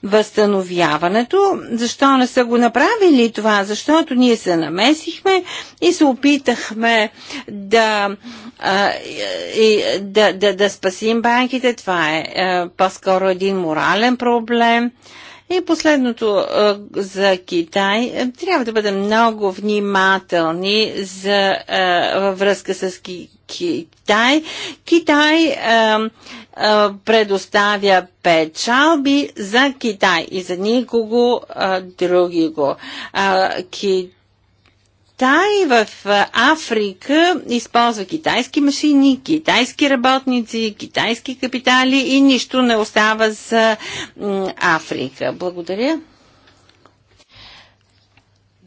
възстановяването. Защо не са го направили това? Защото ние се намесихме и се опитахме успяхме да, и, да, да, да спасим банките. Това е по-скоро един морален проблем. И последното за Китай. Трябва да бъдем много внимателни за, във връзка с Китай. Китай предоставя печалби за Китай и за никого а, другиго. А, Китай Китай в Африка използва китайски машини, китайски работници, китайски капитали и нищо не остава за Африка. Благодаря.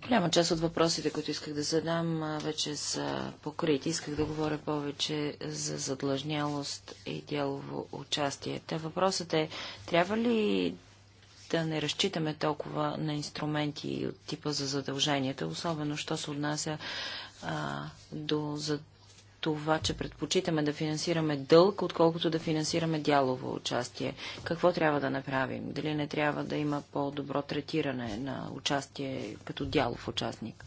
Голяма част от въпросите, които исках да задам, вече са покрити. Исках да говоря повече за задлъжнялост и дялово участие. Те въпросът е, трябва ли да не разчитаме толкова на инструменти от типа за задълженията, особено що се отнася а, до за това, че предпочитаме да финансираме дълг, отколкото да финансираме дялово участие. Какво трябва да направим? Дали не трябва да има по-добро третиране на участие като дялов участник?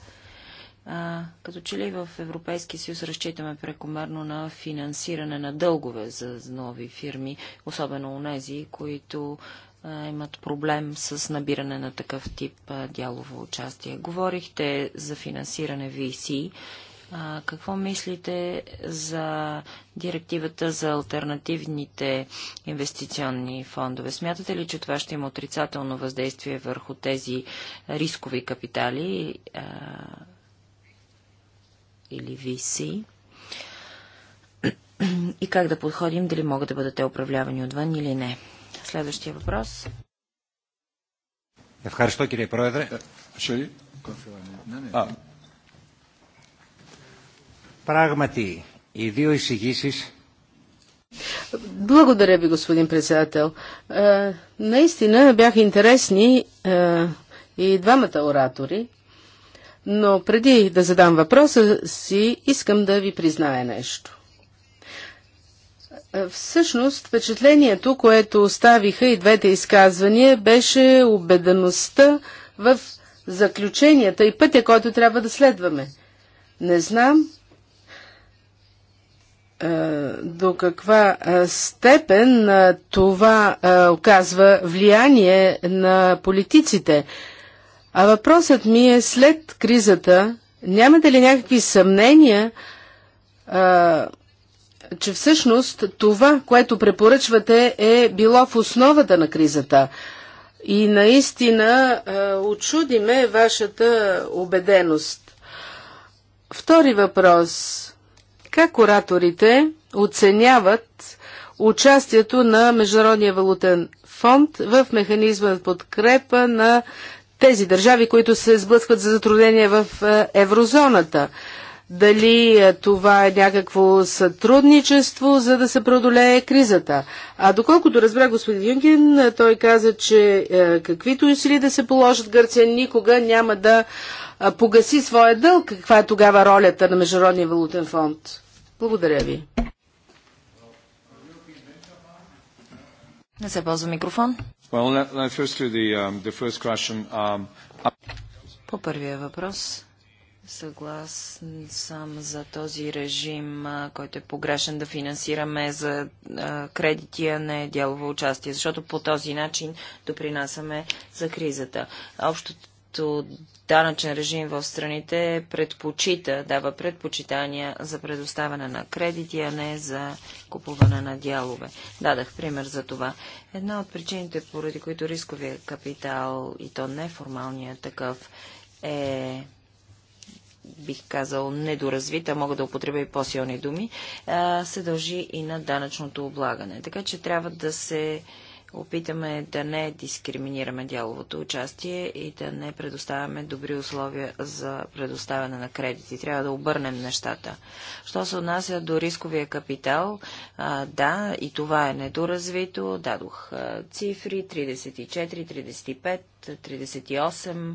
А, като че ли в Европейския съюз разчитаме прекомерно на финансиране на дългове за нови фирми, особено у нези, които имат проблем с набиране на такъв тип дялово участие. Говорихте за финансиране VC. Какво мислите за директивата за альтернативните инвестиционни фондове? Смятате ли, че това ще има отрицателно въздействие върху тези рискови капитали а, или VC? И как да подходим, дали могат да бъдат те управлявани отвън или не? Следващия въпрос. Прагмати и вио Πράγματι, οι δύο благодаря ви, господин председател. Е, наистина бяха интересни е, и двамата оратори, но преди да задам въпроса си, искам да ви призная нещо. Е, всъщност, впечатлението, което оставиха и двете изказвания, беше убедеността в заключенията и пътя, който трябва да следваме. Не знам е, до каква е, степен това оказва влияние на политиците. А въпросът ми е след кризата, нямате ли някакви съмнения че всъщност това, което препоръчвате, е било в основата на кризата. И наистина е, очудиме вашата убеденост. Втори въпрос. Как ораторите оценяват участието на Международния валутен фонд в механизма на подкрепа на тези държави, които се сблъскват за затруднения в е, еврозоната? дали е, това е някакво сътрудничество, за да се преодолее кризата. А доколкото разбра господин Юнген, е, той каза, че е, каквито усили да се положат Гърция, никога няма да погаси своя дълг. Каква е тогава ролята на Международния валутен фонд? Благодаря ви. Не се ползва микрофон. Well, the, um, the question, um... По първия въпрос. Съгласен съм за този режим, който е погрешен да финансираме за кредити, а не дялово участие, защото по този начин допринасяме за кризата. Общото данъчен режим в страните предпочита, дава предпочитания за предоставяне на кредити, а не за купуване на дялове. Дадах пример за това. Една от причините, поради които рисковия капитал, и то неформалният такъв, е бих казал, недоразвита, мога да употребя и по-силни думи, се дължи и на данъчното облагане. Така че трябва да се опитаме да не дискриминираме дяловото участие и да не предоставяме добри условия за предоставяне на кредити. Трябва да обърнем нещата. Що се отнася до рисковия капитал, да, и това е недоразвито. Дадох цифри 34, 35, 38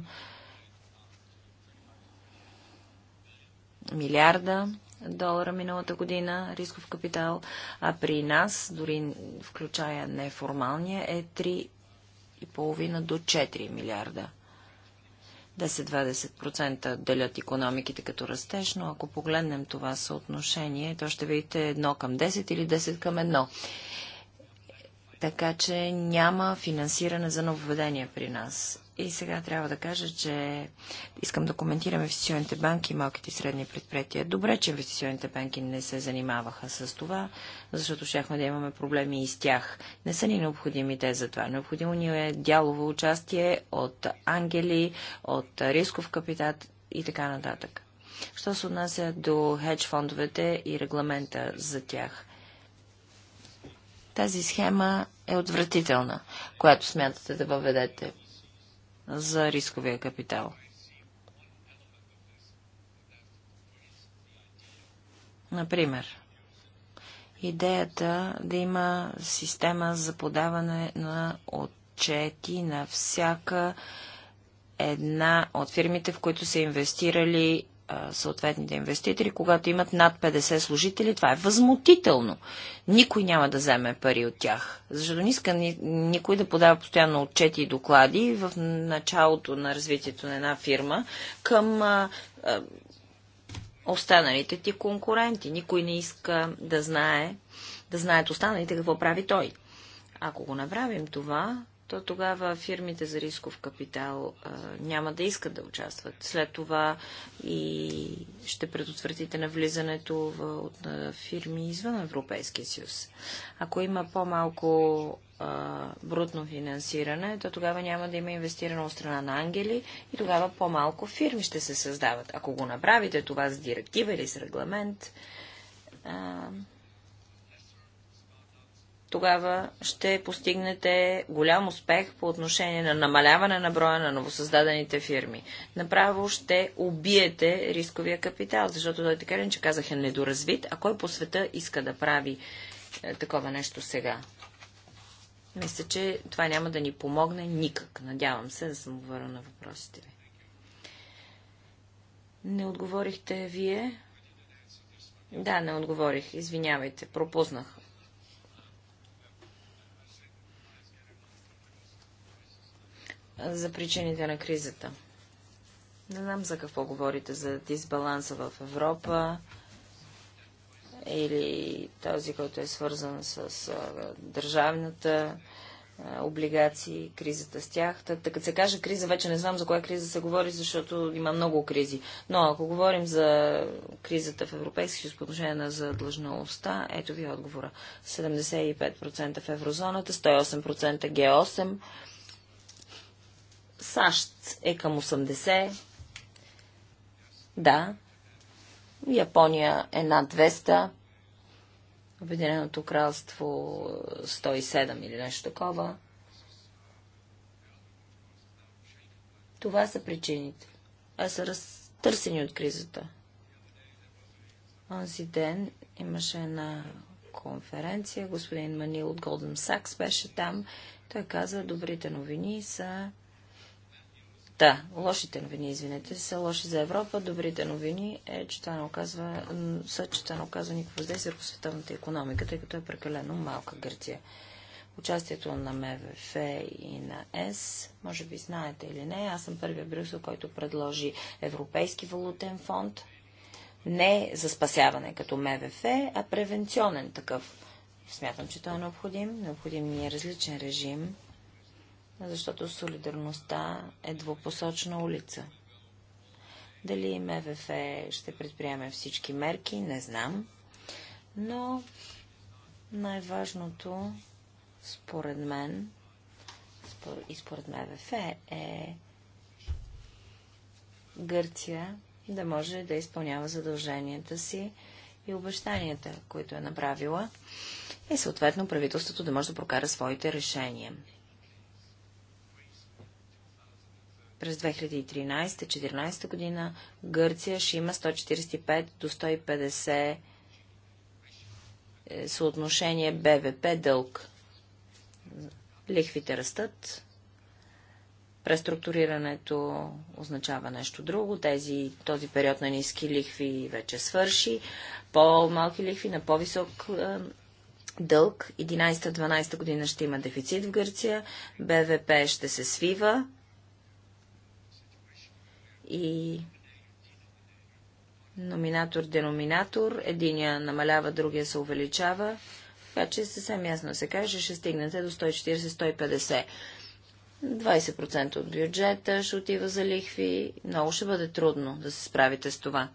милиарда долара миналата година рисков капитал, а при нас, дори включая неформалния, е 3,5 до 4 милиарда. 10-20% делят економиките като растеж, но ако погледнем това съотношение, то ще видите 1 към 10 или 10 към 1. Така че няма финансиране за нововведения при нас. И сега трябва да кажа, че искам да коментирам инвестиционните банки и малките и средни предприятия. Добре, че инвестиционните банки не се занимаваха с това, защото щяхме да имаме проблеми и с тях. Не са ни необходими те за това. Необходимо ни е дялово участие от ангели, от рисков капитат и така нататък. Що се отнася до хедж фондовете и регламента за тях? Тази схема е отвратителна, която смятате да въведете за рисковия капитал. Например, идеята да има система за подаване на отчети на всяка една от фирмите, в които са инвестирали съответните инвеститори, когато имат над 50 служители, това е възмутително. Никой няма да вземе пари от тях. Защото не иска никой да подава постоянно отчети и доклади в началото на развитието на една фирма към а, а, останалите ти конкуренти. Никой не иска да знае, да знаят останалите какво прави той. Ако го направим това, то тогава фирмите за рисков капитал а, няма да искат да участват. След това и ще предотвратите навлизането в, от на фирми извън Европейския съюз. Ако има по-малко брутно финансиране, то тогава няма да има инвестирано от страна на ангели и тогава по-малко фирми ще се създават. Ако го направите това с директива или с регламент, а, тогава ще постигнете голям успех по отношение на намаляване на броя на новосъздадените фирми. Направо ще убиете рисковия капитал, защото той така че казах е недоразвит, а кой по света иска да прави е, такова нещо сега? Мисля, че това няма да ни помогне никак. Надявам се да съм отговорила на въпросите ви. Не отговорихте вие? Да, не отговорих. Извинявайте. Пропуснах. за причините на кризата. Не знам за какво говорите, за дисбаланса в Европа или този, който е свързан с държавната облигации, кризата с тях. Та, като се каже криза, вече не знам за коя криза се говори, защото има много кризи. Но ако говорим за кризата в Европейски съюз по отношение на задлъжналостта, ето ви отговора. 75% в еврозоната, 108% Г8, САЩ е към 80. Да. Япония е над 200. Обединеното кралство 107 е, или нещо такова. Това са причините. А са разтърсени от кризата. Онзи ден имаше една конференция. Господин Манил от Голден Сакс беше там. Той каза, добрите новини са Та, да, лошите новини, извинете, са лоши за Европа. Добрите новини е, че това не оказва, са, че това не оказва никакво въздействие върху световната економика, тъй като е прекалено малка Гърция. Участието на МВФ и на ЕС, може би знаете или не, аз съм първия Брюсел, който предложи Европейски валутен фонд, не за спасяване като МВФ, а превенционен такъв. Смятам, че той е необходим. Необходим ни е различен режим защото солидарността е двупосочна улица. Дали МВФ ще предприеме всички мерки, не знам, но най-важното, според мен, и според МВФ е Гърция да може да изпълнява задълженията си и обещанията, които е направила, и съответно правителството да може да прокара своите решения. През 2013-2014 година Гърция ще има 145 до 150 е, съотношение БВП дълг. Лихвите растат. Преструктурирането означава нещо друго. Тези, този период на ниски лихви вече свърши. По-малки лихви на по-висок е, дълг. 11-12 година ще има дефицит в Гърция. БВП ще се свива и номинатор-деноминатор. Единия намалява, другия се увеличава. Така че съвсем ясно се каже, ще стигнете до 140-150. 20% от бюджета ще отива за лихви. Много ще бъде трудно да се справите с това.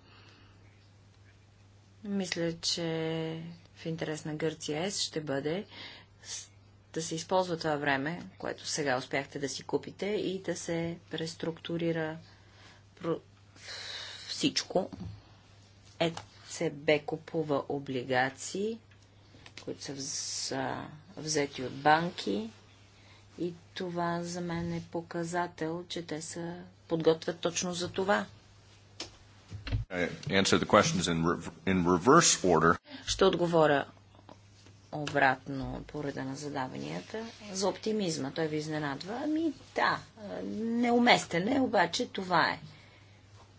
Мисля, че в интерес на Гърция С ще бъде да се използва това време, което сега успяхте да си купите и да се преструктурира всичко. ЕЦБ купува облигации, които са взети от банки и това за мен е показател, че те са подготвят точно за това. Ще отговоря обратно по реда на задаванията. За оптимизма той ви изненадва. Ами да, неуместен е, обаче това е.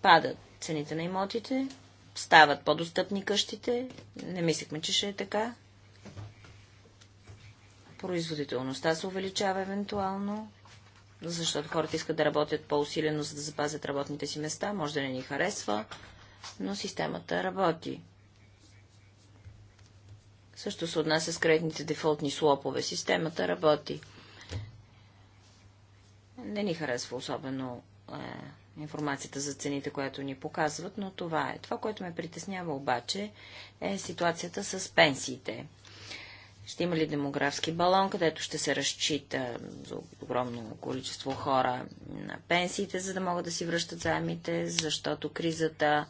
Падат цените на имотите, стават по-достъпни къщите. Не мислихме, че ще е така. Производителността се увеличава евентуално, защото хората искат да работят по-усилено, за да запазят работните си места. Може да не ни харесва, но системата работи. Също се отнася с кредитните дефолтни слопове. Системата работи. Не ни харесва особено е, информацията за цените, която ни показват, но това е. Това, което ме притеснява обаче, е ситуацията с пенсиите. Ще има ли демографски балон, където ще се разчита за огромно количество хора на пенсиите, за да могат да си връщат заемите, защото кризата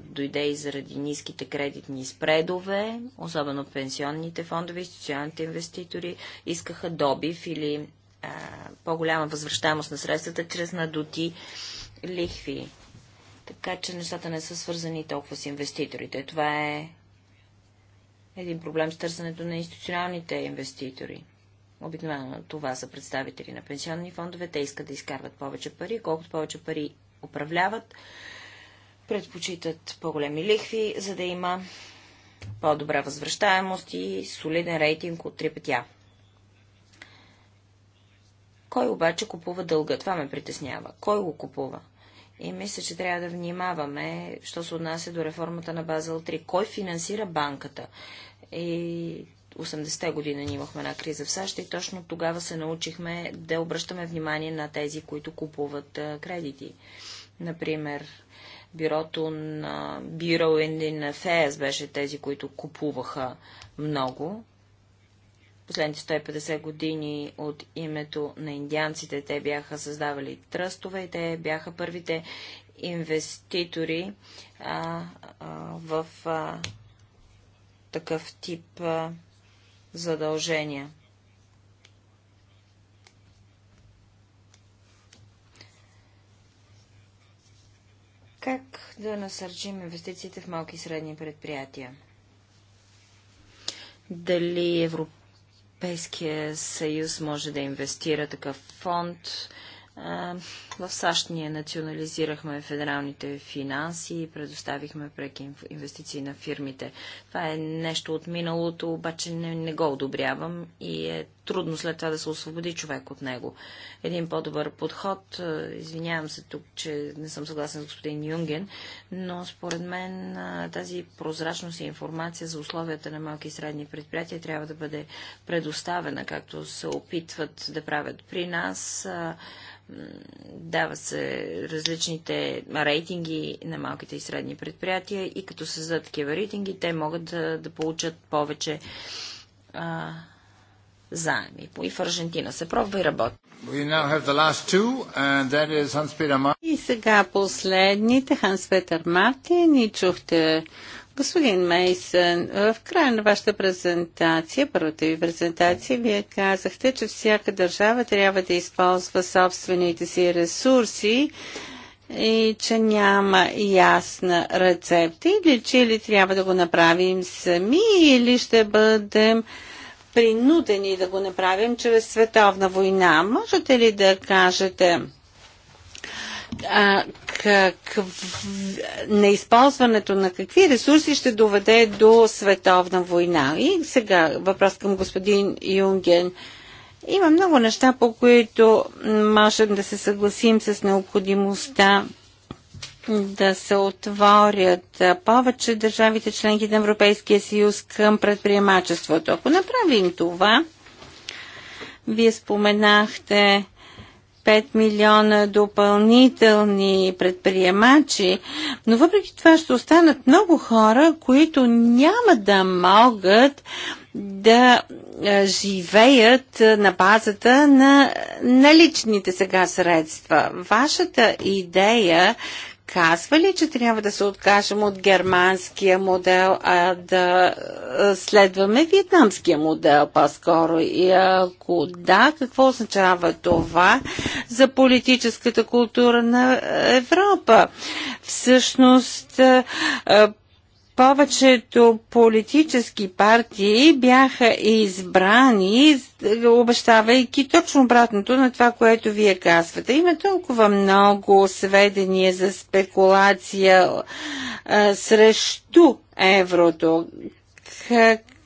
дойде и заради ниските кредитни спредове, особено пенсионните фондове и социалните инвеститори искаха добив или по-голяма възвръщаемост на средствата чрез надути лихви. Така че нещата не са свързани толкова с инвеститорите. Това е един проблем с търсенето на институционалните инвеститори. Обикновено това са представители на пенсионни фондове. Те искат да изкарват повече пари. Колкото повече пари управляват, предпочитат по-големи лихви, за да има по-добра възвръщаемост и солиден рейтинг от 3 пътя. Кой обаче купува дълга? Това ме притеснява. Кой го купува? И мисля, че трябва да внимаваме, що се отнася до реформата на Базел 3. Кой финансира банката? И 80-те години ние имахме една криза в САЩ и точно тогава се научихме да обръщаме внимание на тези, които купуват кредити. Например, бюрото на Bureau Indian Affairs беше тези, които купуваха много последните 150 години от името на индианците. Те бяха създавали тръстове и те бяха първите инвеститори а, а, в а, такъв тип а, задължения. Как да насърчим инвестициите в малки и средни предприятия? Дали Европа Европейския съюз може да инвестира такъв фонд в САЩ ние национализирахме федералните финанси и предоставихме преки инвестиции на фирмите. Това е нещо от миналото, обаче не, не го одобрявам и е трудно след това да се освободи човек от него. Един по-добър подход, извинявам се тук, че не съм съгласен с господин Юнген, но според мен тази прозрачност и информация за условията на малки и средни предприятия трябва да бъде предоставена, както се опитват да правят при нас Дава се различните рейтинги на малките и средни предприятия и като създадат такива рейтинги, те могат да, да получат повече а, заеми. И в Аржентина се пробва и работи. и сега последните, Ханс Петър Мартин и чухте Господин Мейсън, в края на вашата презентация, първата ви презентация, вие казахте, че всяка държава трябва да използва собствените си ресурси и че няма ясна рецепта или че или трябва да го направим сами или ще бъдем принудени да го направим чрез световна война. Можете ли да кажете а, как неизползването на какви ресурси ще доведе до световна война. И сега въпрос към господин Юнген. Има много неща, по които можем да се съгласим с необходимостта да се отворят повече държавите членки на Европейския съюз към предприемачеството. Ако направим това, вие споменахте 5 милиона допълнителни предприемачи, но въпреки това ще останат много хора, които няма да могат да живеят на базата на наличните сега средства. Вашата идея казва ли, че трябва да се откажем от германския модел, а да следваме вьетнамския модел по-скоро? И ако да, какво означава това за политическата култура на Европа? Всъщност, повечето политически партии бяха избрани, обещавайки точно обратното на това, което вие казвате. Има толкова много сведения за спекулация а, срещу еврото.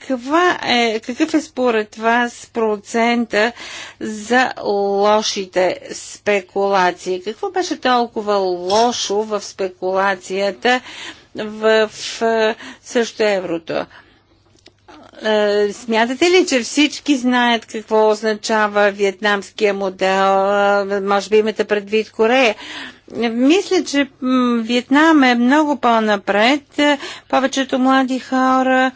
Каква е, какъв е според вас процента за лошите спекулации? Какво беше толкова лошо в спекулацията? в също еврото. Смятате ли, че всички знаят какво означава вьетнамския модел? Може би имате предвид Корея. Мисля, че Вьетнам е много по-напред. Повечето млади хора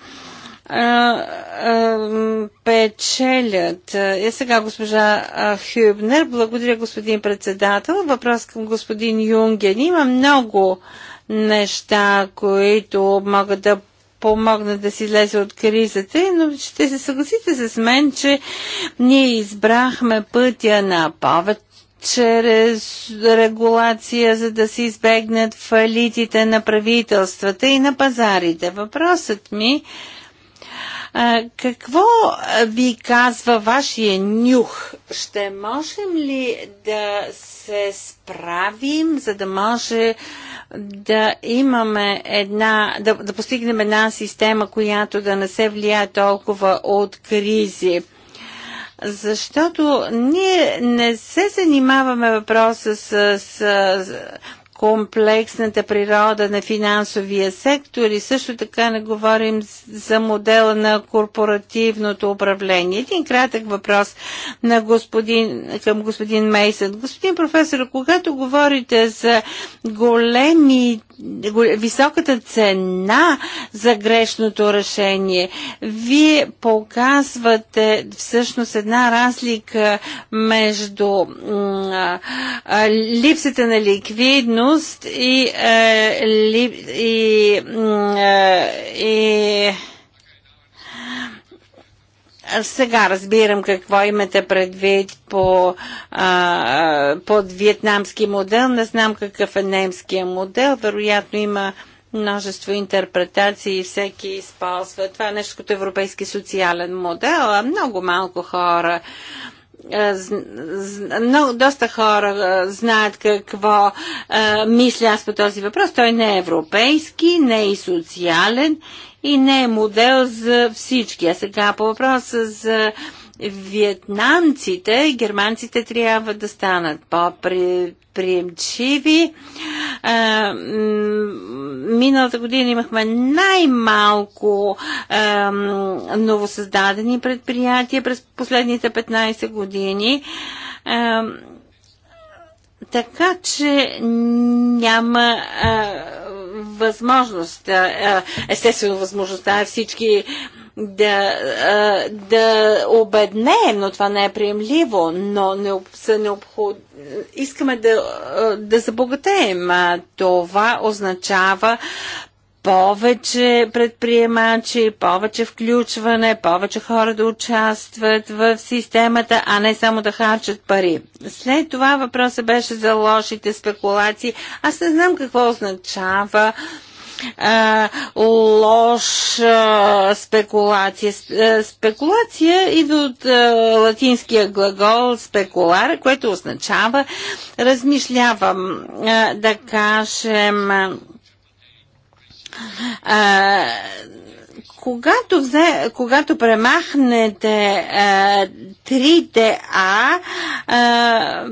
печелят. Е сега госпожа Хюбнер. Благодаря, господин председател. Въпрос към господин Юнген. Има много неща, които могат да помогна да си излезе от кризата, но ще се съгласите с мен, че ние избрахме пътя на повече чрез регулация, за да се избегнат фалитите на правителствата и на пазарите. Въпросът ми е какво ви казва вашия нюх? Ще можем ли да се справим, за да може да имаме една, да, да постигнем една система, която да не се влияе толкова от кризи? Защото ние не се занимаваме въпроса с, с, с комплексната природа на финансовия сектор и също така не говорим за модела на корпоративното управление. Един кратък въпрос на господин, към господин Мейсън. Господин професор, когато говорите за големи високата цена за грешното решение. Вие показвате всъщност една разлика между липсата на ликвидност реалност и, е, ли, и, е, и сега разбирам какво имате предвид по, а, под вьетнамски модел. Не знам какъв е немския модел. Вероятно има множество интерпретации и всеки използва. Това е нещо като европейски социален модел, а много малко хора е, много, доста хора е, знаят какво е, мисля аз по този въпрос. Той не е европейски, не е и социален и не е модел за всички. А сега по въпроса за Виетнамците, и германците трябва да станат по-приемчиви. Миналата година имахме най-малко новосъздадени предприятия през последните 15 години. Така че няма възможност. естествено, възможността е всички да, да обеднеем, но това не е приемливо, но не, са необход... искаме да, да забогатеем. Това означава повече предприемачи, повече включване, повече хора да участват в системата, а не само да харчат пари. След това въпросът беше за лошите спекулации. Аз не знам какво означава а, а, лоша спекулация. Спекулация идва от латинския глагол спекулар, което означава размишлявам, да кажем, когато, взе, когато премахнете а, е, трите А а, е,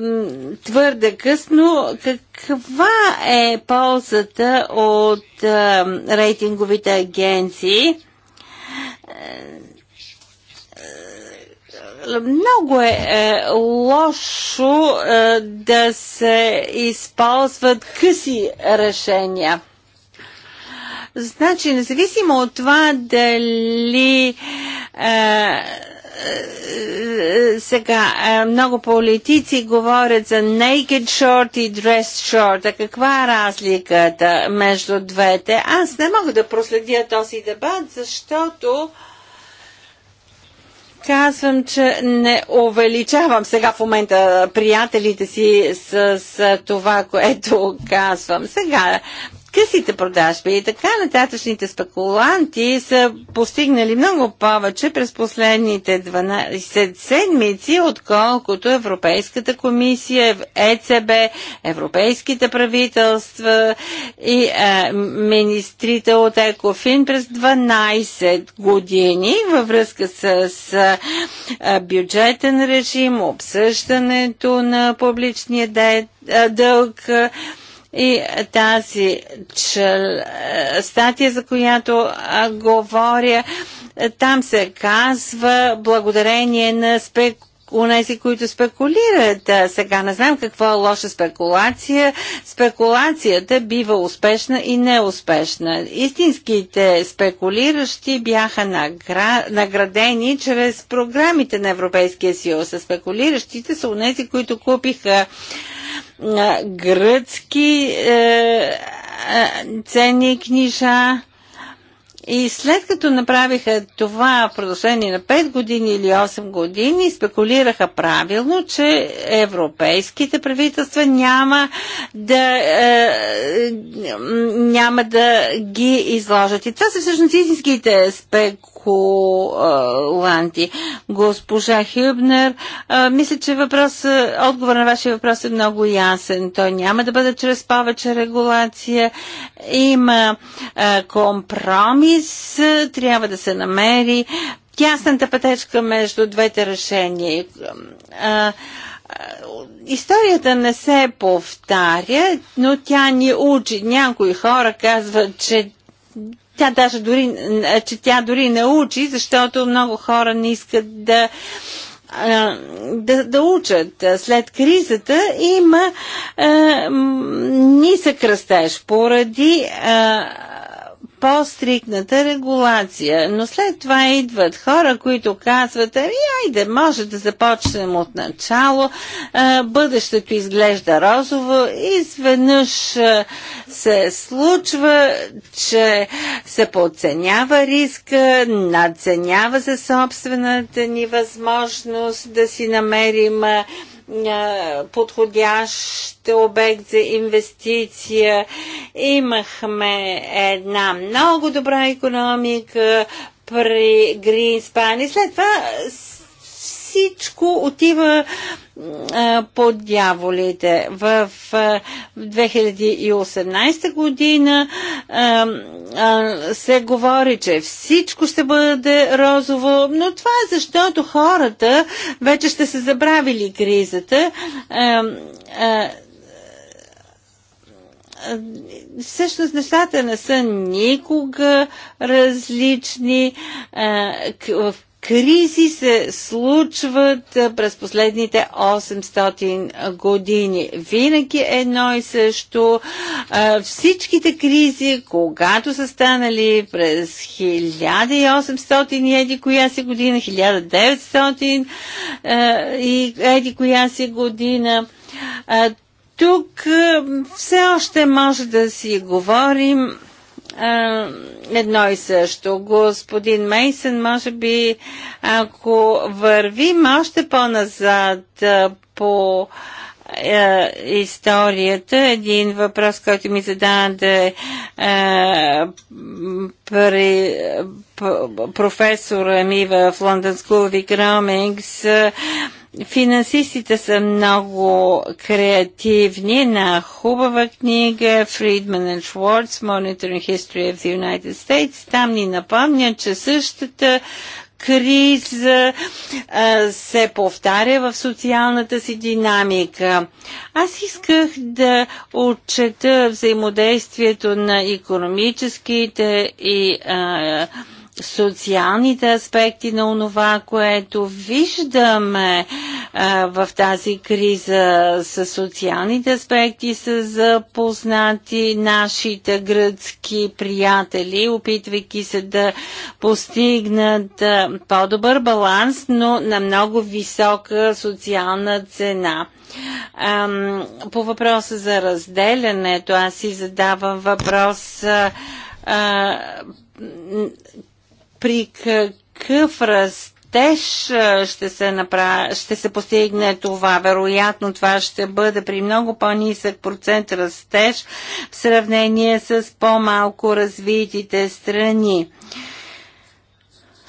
твърде късно, каква е ползата от а, е, рейтинговите агенции? много е, е лошо е, да се използват къси решения. Значи, независимо от това дали а, е, е, е, сега много политици говорят за naked short и dress short. А каква е разликата между двете? Аз не мога да проследя този дебат, защото казвам, че не увеличавам сега в момента приятелите си с, с това, което казвам. Сега късите продажби и така нататъчните спекуланти са постигнали много повече през последните 12 седмици, отколкото Европейската комисия, ЕЦБ, европейските правителства и е, министрите от Екофин през 12 години във връзка с, е, бюджетен режим, обсъждането на публичния е, дълг. Е, и тази че, статия, за която а, говоря, е, там се казва благодарение на спекулация унези, които спекулират. Е, сега не знам какво е лоша спекулация. Спекулацията бива успешна и неуспешна. Истинските спекулиращи бяха награ... наградени чрез програмите на Европейския съюз. Спекулиращите са унези, които купиха гръцки е, е, ценни книжа и след като направиха това в продължение на 5 години или 8 години, спекулираха правилно, че европейските правителства няма да, е, няма да ги изложат. И това са всъщност истинските спекуланти. Госпожа Хюбнер, е, мисля, че въпрос, е, отговор на вашия въпрос е много ясен. Той няма да бъде чрез повече регулация. Има е, компромис компромис, трябва да се намери тясната пътечка между двете решения. Историята не се повтаря, но тя ни учи. Някои хора казват, че тя даже дори, че тя дори не учи, защото много хора не искат да, да, да учат. След кризата има нисък растеж поради по-стрикната регулация. Но след това идват хора, които казват, ами айде, може да започнем от начало, бъдещето изглежда розово, изведнъж се случва, че се подценява риска, надценява се собствената ни възможност да си намерим подходящ обект за инвестиция. Имахме една много добра економика при Green и след това всичко отива по дяволите. В 2018 година се говори, че всичко ще бъде розово, но това е защото хората вече ще се забравили кризата всъщност нещата не са никога различни. В кризи се случват през последните 800 години. Винаги е едно и също. Всичките кризи, когато са станали през 1800 и еди коя си година, 1900 и еди коя си година, тук все още може да си говорим е, едно и също. Господин Мейсън, може би, ако вървим още по-назад по е, историята, един въпрос, който ми зададе е, при, професора ми в Лондон School of Economics Финансистите са много креативни на хубава книга Friedman and Schwartz Monitoring History of the United States. Там ни напомня, че същата криза а, се повтаря в социалната си динамика. Аз исках да отчета взаимодействието на економическите и а, социалните аспекти на онова, което виждаме в тази криза с социалните аспекти са запознати нашите гръцки приятели, опитвайки се да постигнат по-добър баланс, но на много висока социална цена. по въпроса за разделянето, аз си задавам въпрос при какъв растеж ще се, направи, ще се постигне това. Вероятно това ще бъде при много по-нисък процент растеж в сравнение с по-малко развитите страни.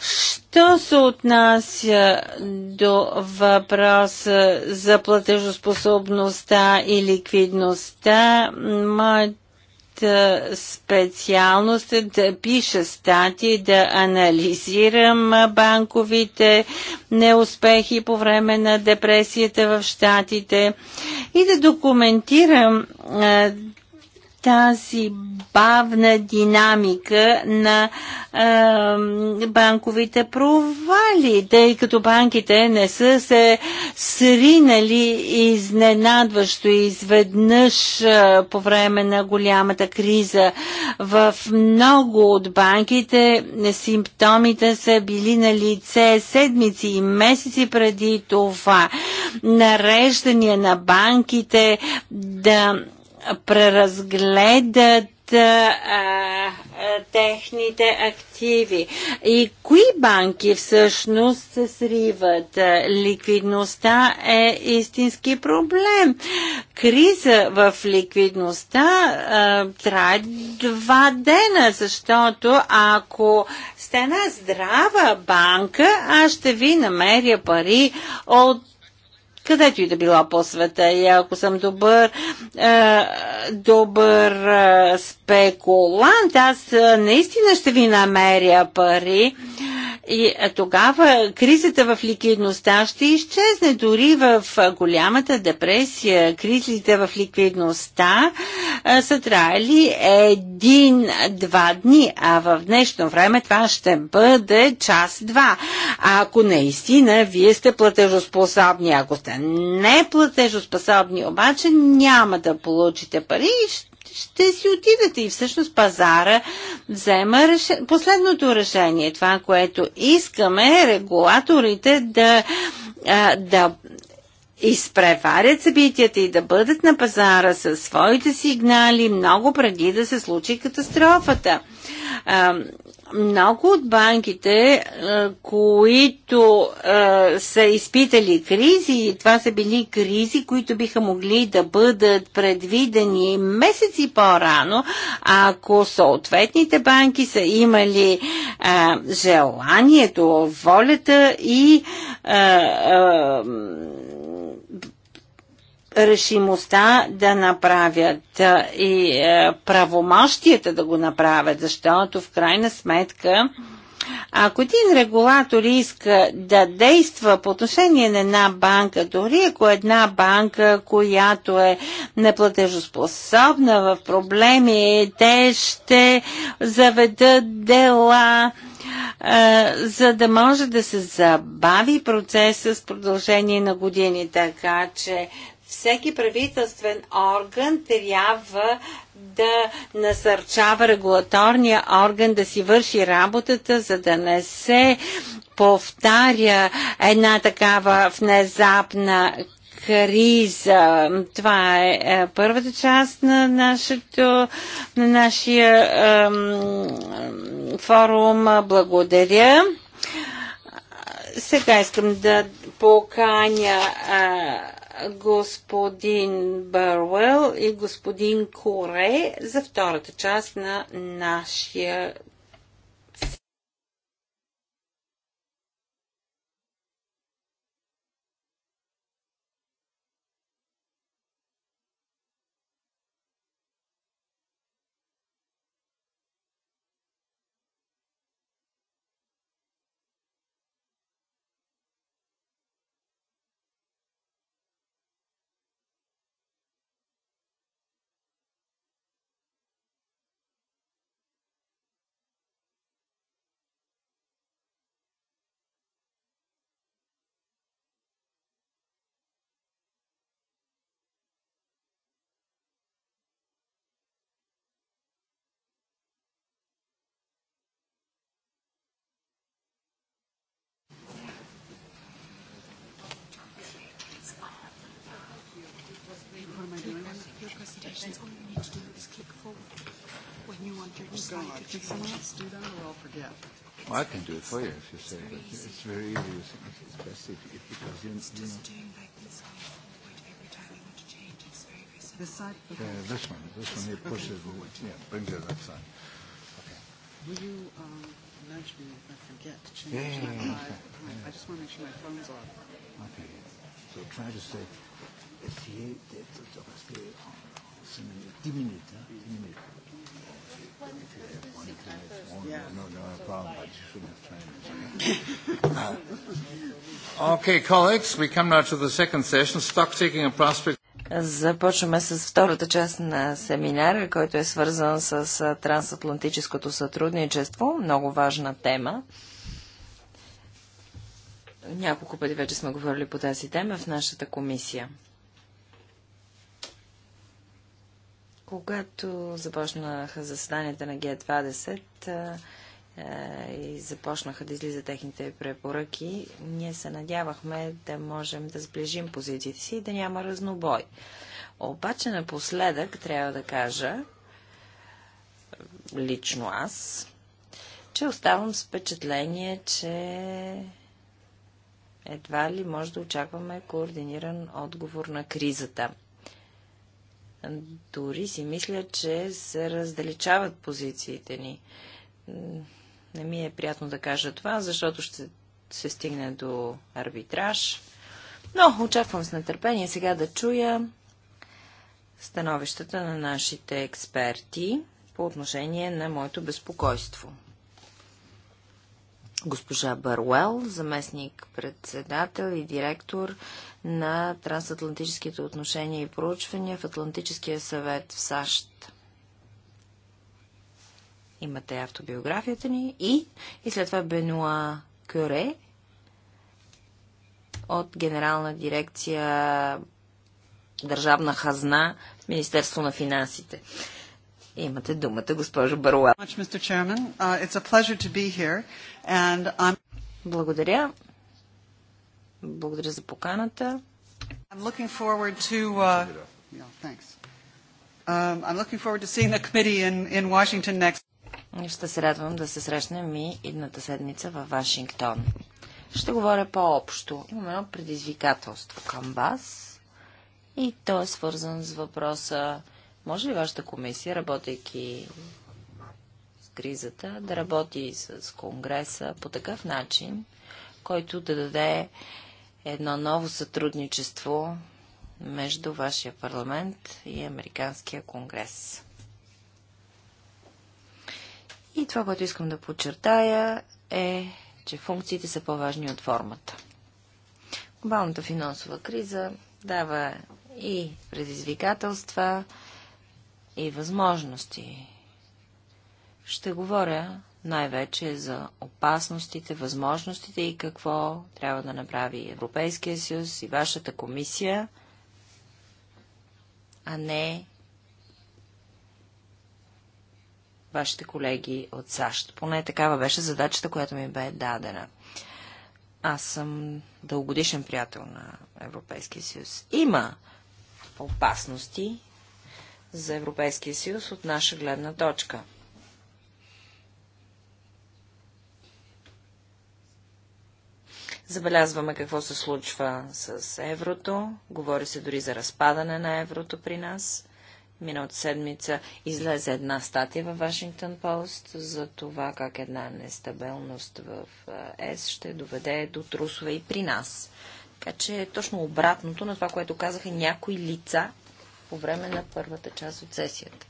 Що се отнася до въпроса за платежоспособността и ликвидността, моят специалност е да пиша статии, да анализирам банковите неуспехи по време на депресията в Штатите и да документирам тази бавна динамика на а, банковите провали, тъй като банките не са се сринали изненадващо изведнъж а, по време на голямата криза. В много от банките симптомите са били на лице седмици и месеци преди това. Нареждания на банките да преразгледат а, техните активи. И кои банки всъщност се сриват? Ликвидността е истински проблем. Криза в ликвидността а, трае два дена, защото ако сте една здрава банка, аз ще ви намеря пари от където и да била по света. И ако съм добър, е, добър е, спекулант, аз наистина ще ви намеря пари. Е, и е, тогава кризата в ликвидността ще изчезне. Дори в е, голямата депресия кризите в ликвидността а, е, са траяли един-два дни, а в днешно време това ще бъде час-два. А ако наистина вие сте платежоспособни, ако сте не платежоспособни, обаче няма да получите пари и ще ще си отидете. И всъщност пазара взема реш... последното решение. Това, което искаме е регулаторите да, да изпреварят събитията и да бъдат на пазара със своите сигнали много преди да се случи катастрофата. Много от банките, е, които е, са изпитали кризи, това са били кризи, които биха могли да бъдат предвидени месеци по-рано, ако съответните банки са имали е, желанието, волята и решимостта да направят и е, правомощията да го направят, защото в крайна сметка ако един регулатор иска да действа по отношение на една банка, дори ако една банка, която е неплатежоспособна в проблеми, те ще заведат дела, за да може да се забави процеса с продължение на години. Така че всеки правителствен орган трябва да насърчава регулаторния орган да си върши работата, за да не се повтаря една такава внезапна криза. Това е, е първата част на, нашето, на нашия е, форум. Благодаря. Сега искам да поканя е, господин Бървел и господин Коре за втората част на нашия Could someone else do that, or I'll forget? Well, I can do it for you if you say. that. it's very easy. It's best if, if because you, you know. This side? Okay. Yeah, this one. This one, it pushes, okay. yeah, brings it that side. Okay. Will you um, nudge me if I forget to change yeah, yeah, yeah, my okay. yeah. I just want to make sure my phone's on. Okay. So try to stay. Essayez d'être resté en 10 minutes. Hein, 10 minutes. Започваме с втората част на семинара, който е свързан с трансатлантическото сътрудничество. Много важна тема. Няколко пъти вече сме говорили по тази тема в нашата комисия. Когато започнаха заседанията на Г-20 и започнаха да излизат техните препоръки, ние се надявахме да можем да сближим позициите си и да няма разнобой. Обаче напоследък трябва да кажа, лично аз, че оставам с впечатление, че едва ли може да очакваме координиран отговор на кризата – дори си мисля, че се раздалечават позициите ни. Не ми е приятно да кажа това, защото ще се стигне до арбитраж. Но очаквам с нетърпение сега да чуя становищата на нашите експерти по отношение на моето безпокойство госпожа Баруел, заместник-председател и директор на трансатлантическите отношения и проучвания в Атлантическия съвет в САЩ. Имате автобиографията ни и, и след това Бенуа Кюре от Генерална дирекция Държавна хазна в Министерство на финансите. Имате думата, госпожо Баруел. Uh, Благодаря. Благодаря за поканата. I'm looking forward to uh, yeah, thanks. Um, I'm looking forward to seeing the committee in, in Washington next. Ще се радвам да се срещнем и идната седмица във Вашингтон. Ще говоря по-общо. Имам едно предизвикателство към вас и то е свързан с въпроса може ли вашата комисия, работейки с кризата, да работи с Конгреса по такъв начин, който да даде едно ново сътрудничество между вашия парламент и Американския конгрес? И това, което искам да подчертая е, че функциите са по-важни от формата. Глобалната финансова криза дава и предизвикателства, и възможности. Ще говоря най-вече за опасностите, възможностите и какво трябва да направи Европейския съюз и вашата комисия, а не вашите колеги от САЩ. Поне такава беше задачата, която ми бе дадена. Аз съм дългодишен приятел на Европейския съюз. Има опасности, за Европейския съюз от наша гледна точка. Забелязваме какво се случва с еврото. Говори се дори за разпадане на еврото при нас. Миналата седмица излезе една статия във Вашингтон Пост за това как една нестабилност в ЕС ще доведе до трусове и при нас. Така че е точно обратното на това, което казаха някои лица по време на първата част от сесията.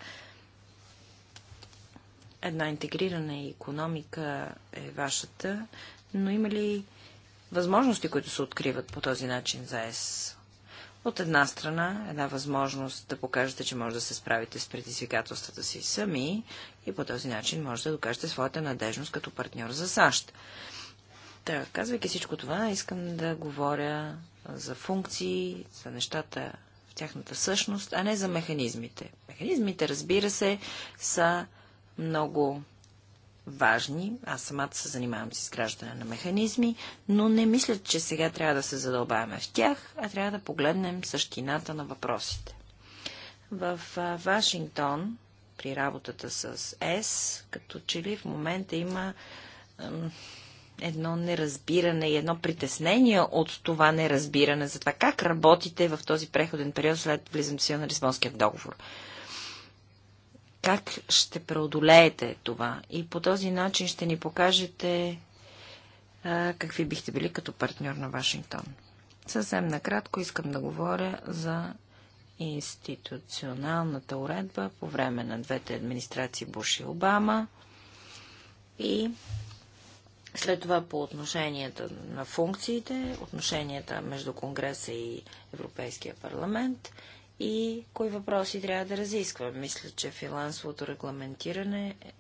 Една интегрирана економика е вашата, но има ли възможности, които се откриват по този начин за ЕС? От една страна, една възможност да покажете, че може да се справите с предизвикателствата си сами и по този начин може да докажете своята надежност като партньор за САЩ. Та, казвайки всичко това, искам да говоря за функции, за нещата, тяхната същност, а не за механизмите. Механизмите, разбира се, са много важни. Аз самата се занимавам с изграждане на механизми, но не мисля, че сега трябва да се задълбаваме в тях, а трябва да погледнем същината на въпросите. В Вашингтон, при работата с ЕС, като че ли в момента има едно неразбиране и едно притеснение от това неразбиране за това как работите в този преходен период след влизането си на Лисбонския договор. Как ще преодолеете това? И по този начин ще ни покажете а, какви бихте били като партньор на Вашингтон. Съвсем накратко искам да говоря за институционалната уредба по време на двете администрации Буш и Обама и след това по отношенията на функциите, отношенията между Конгреса и Европейския парламент и кои въпроси трябва да разисква. Мисля, че финансовото регламентиране е,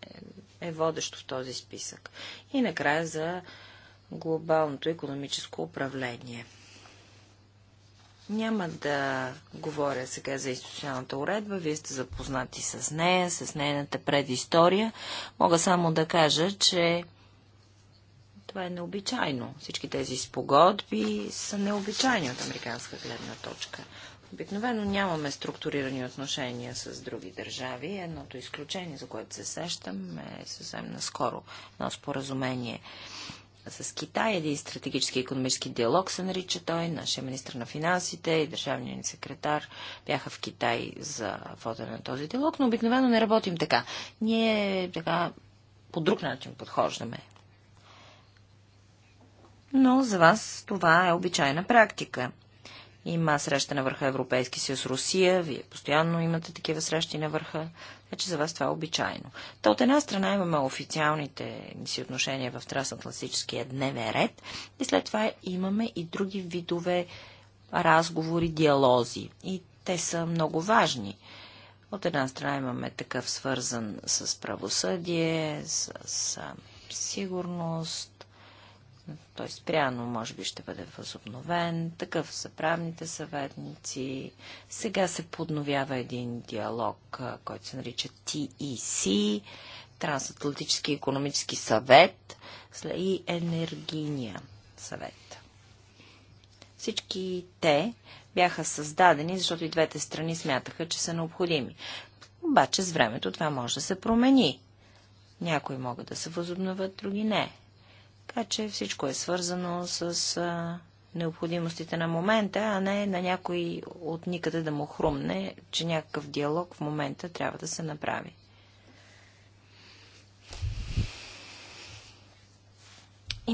е водещо в този списък. И накрая за глобалното економическо управление. Няма да говоря сега за институционалната уредба. Вие сте запознати с нея, с нейната предистория. Мога само да кажа, че това е необичайно. Всички тези спогодби са необичайни от американска гледна точка. Обикновено нямаме структурирани отношения с други държави. Едното изключение, за което се сещам, е съвсем наскоро едно споразумение с Китай, един стратегически и економически диалог се нарича той, нашия министр на финансите и държавният ни секретар бяха в Китай за фото на този диалог, но обикновено не работим така. Ние така по друг начин подхождаме но за вас това е обичайна практика. Има среща на върха Европейски съюз Русия, вие постоянно имате такива срещи на върха, така значи че за вас това е обичайно. Та от една страна имаме официалните си отношения в трансатлантическия дневен ред и след това имаме и други видове разговори, диалози. И те са много важни. От една страна имаме такъв свързан с правосъдие, с, с сигурност, той пряно може би ще бъде възобновен. Такъв са правните съветници. Сега се подновява един диалог, който се нарича TEC, Трансатлантически економически съвет и Енергийния съвет. Всички те бяха създадени, защото и двете страни смятаха, че са необходими. Обаче с времето това може да се промени. Някои могат да се възобновят, други не. Така че всичко е свързано с а, необходимостите на момента, а не на някой от никъде да му хрумне, че някакъв диалог в момента трябва да се направи.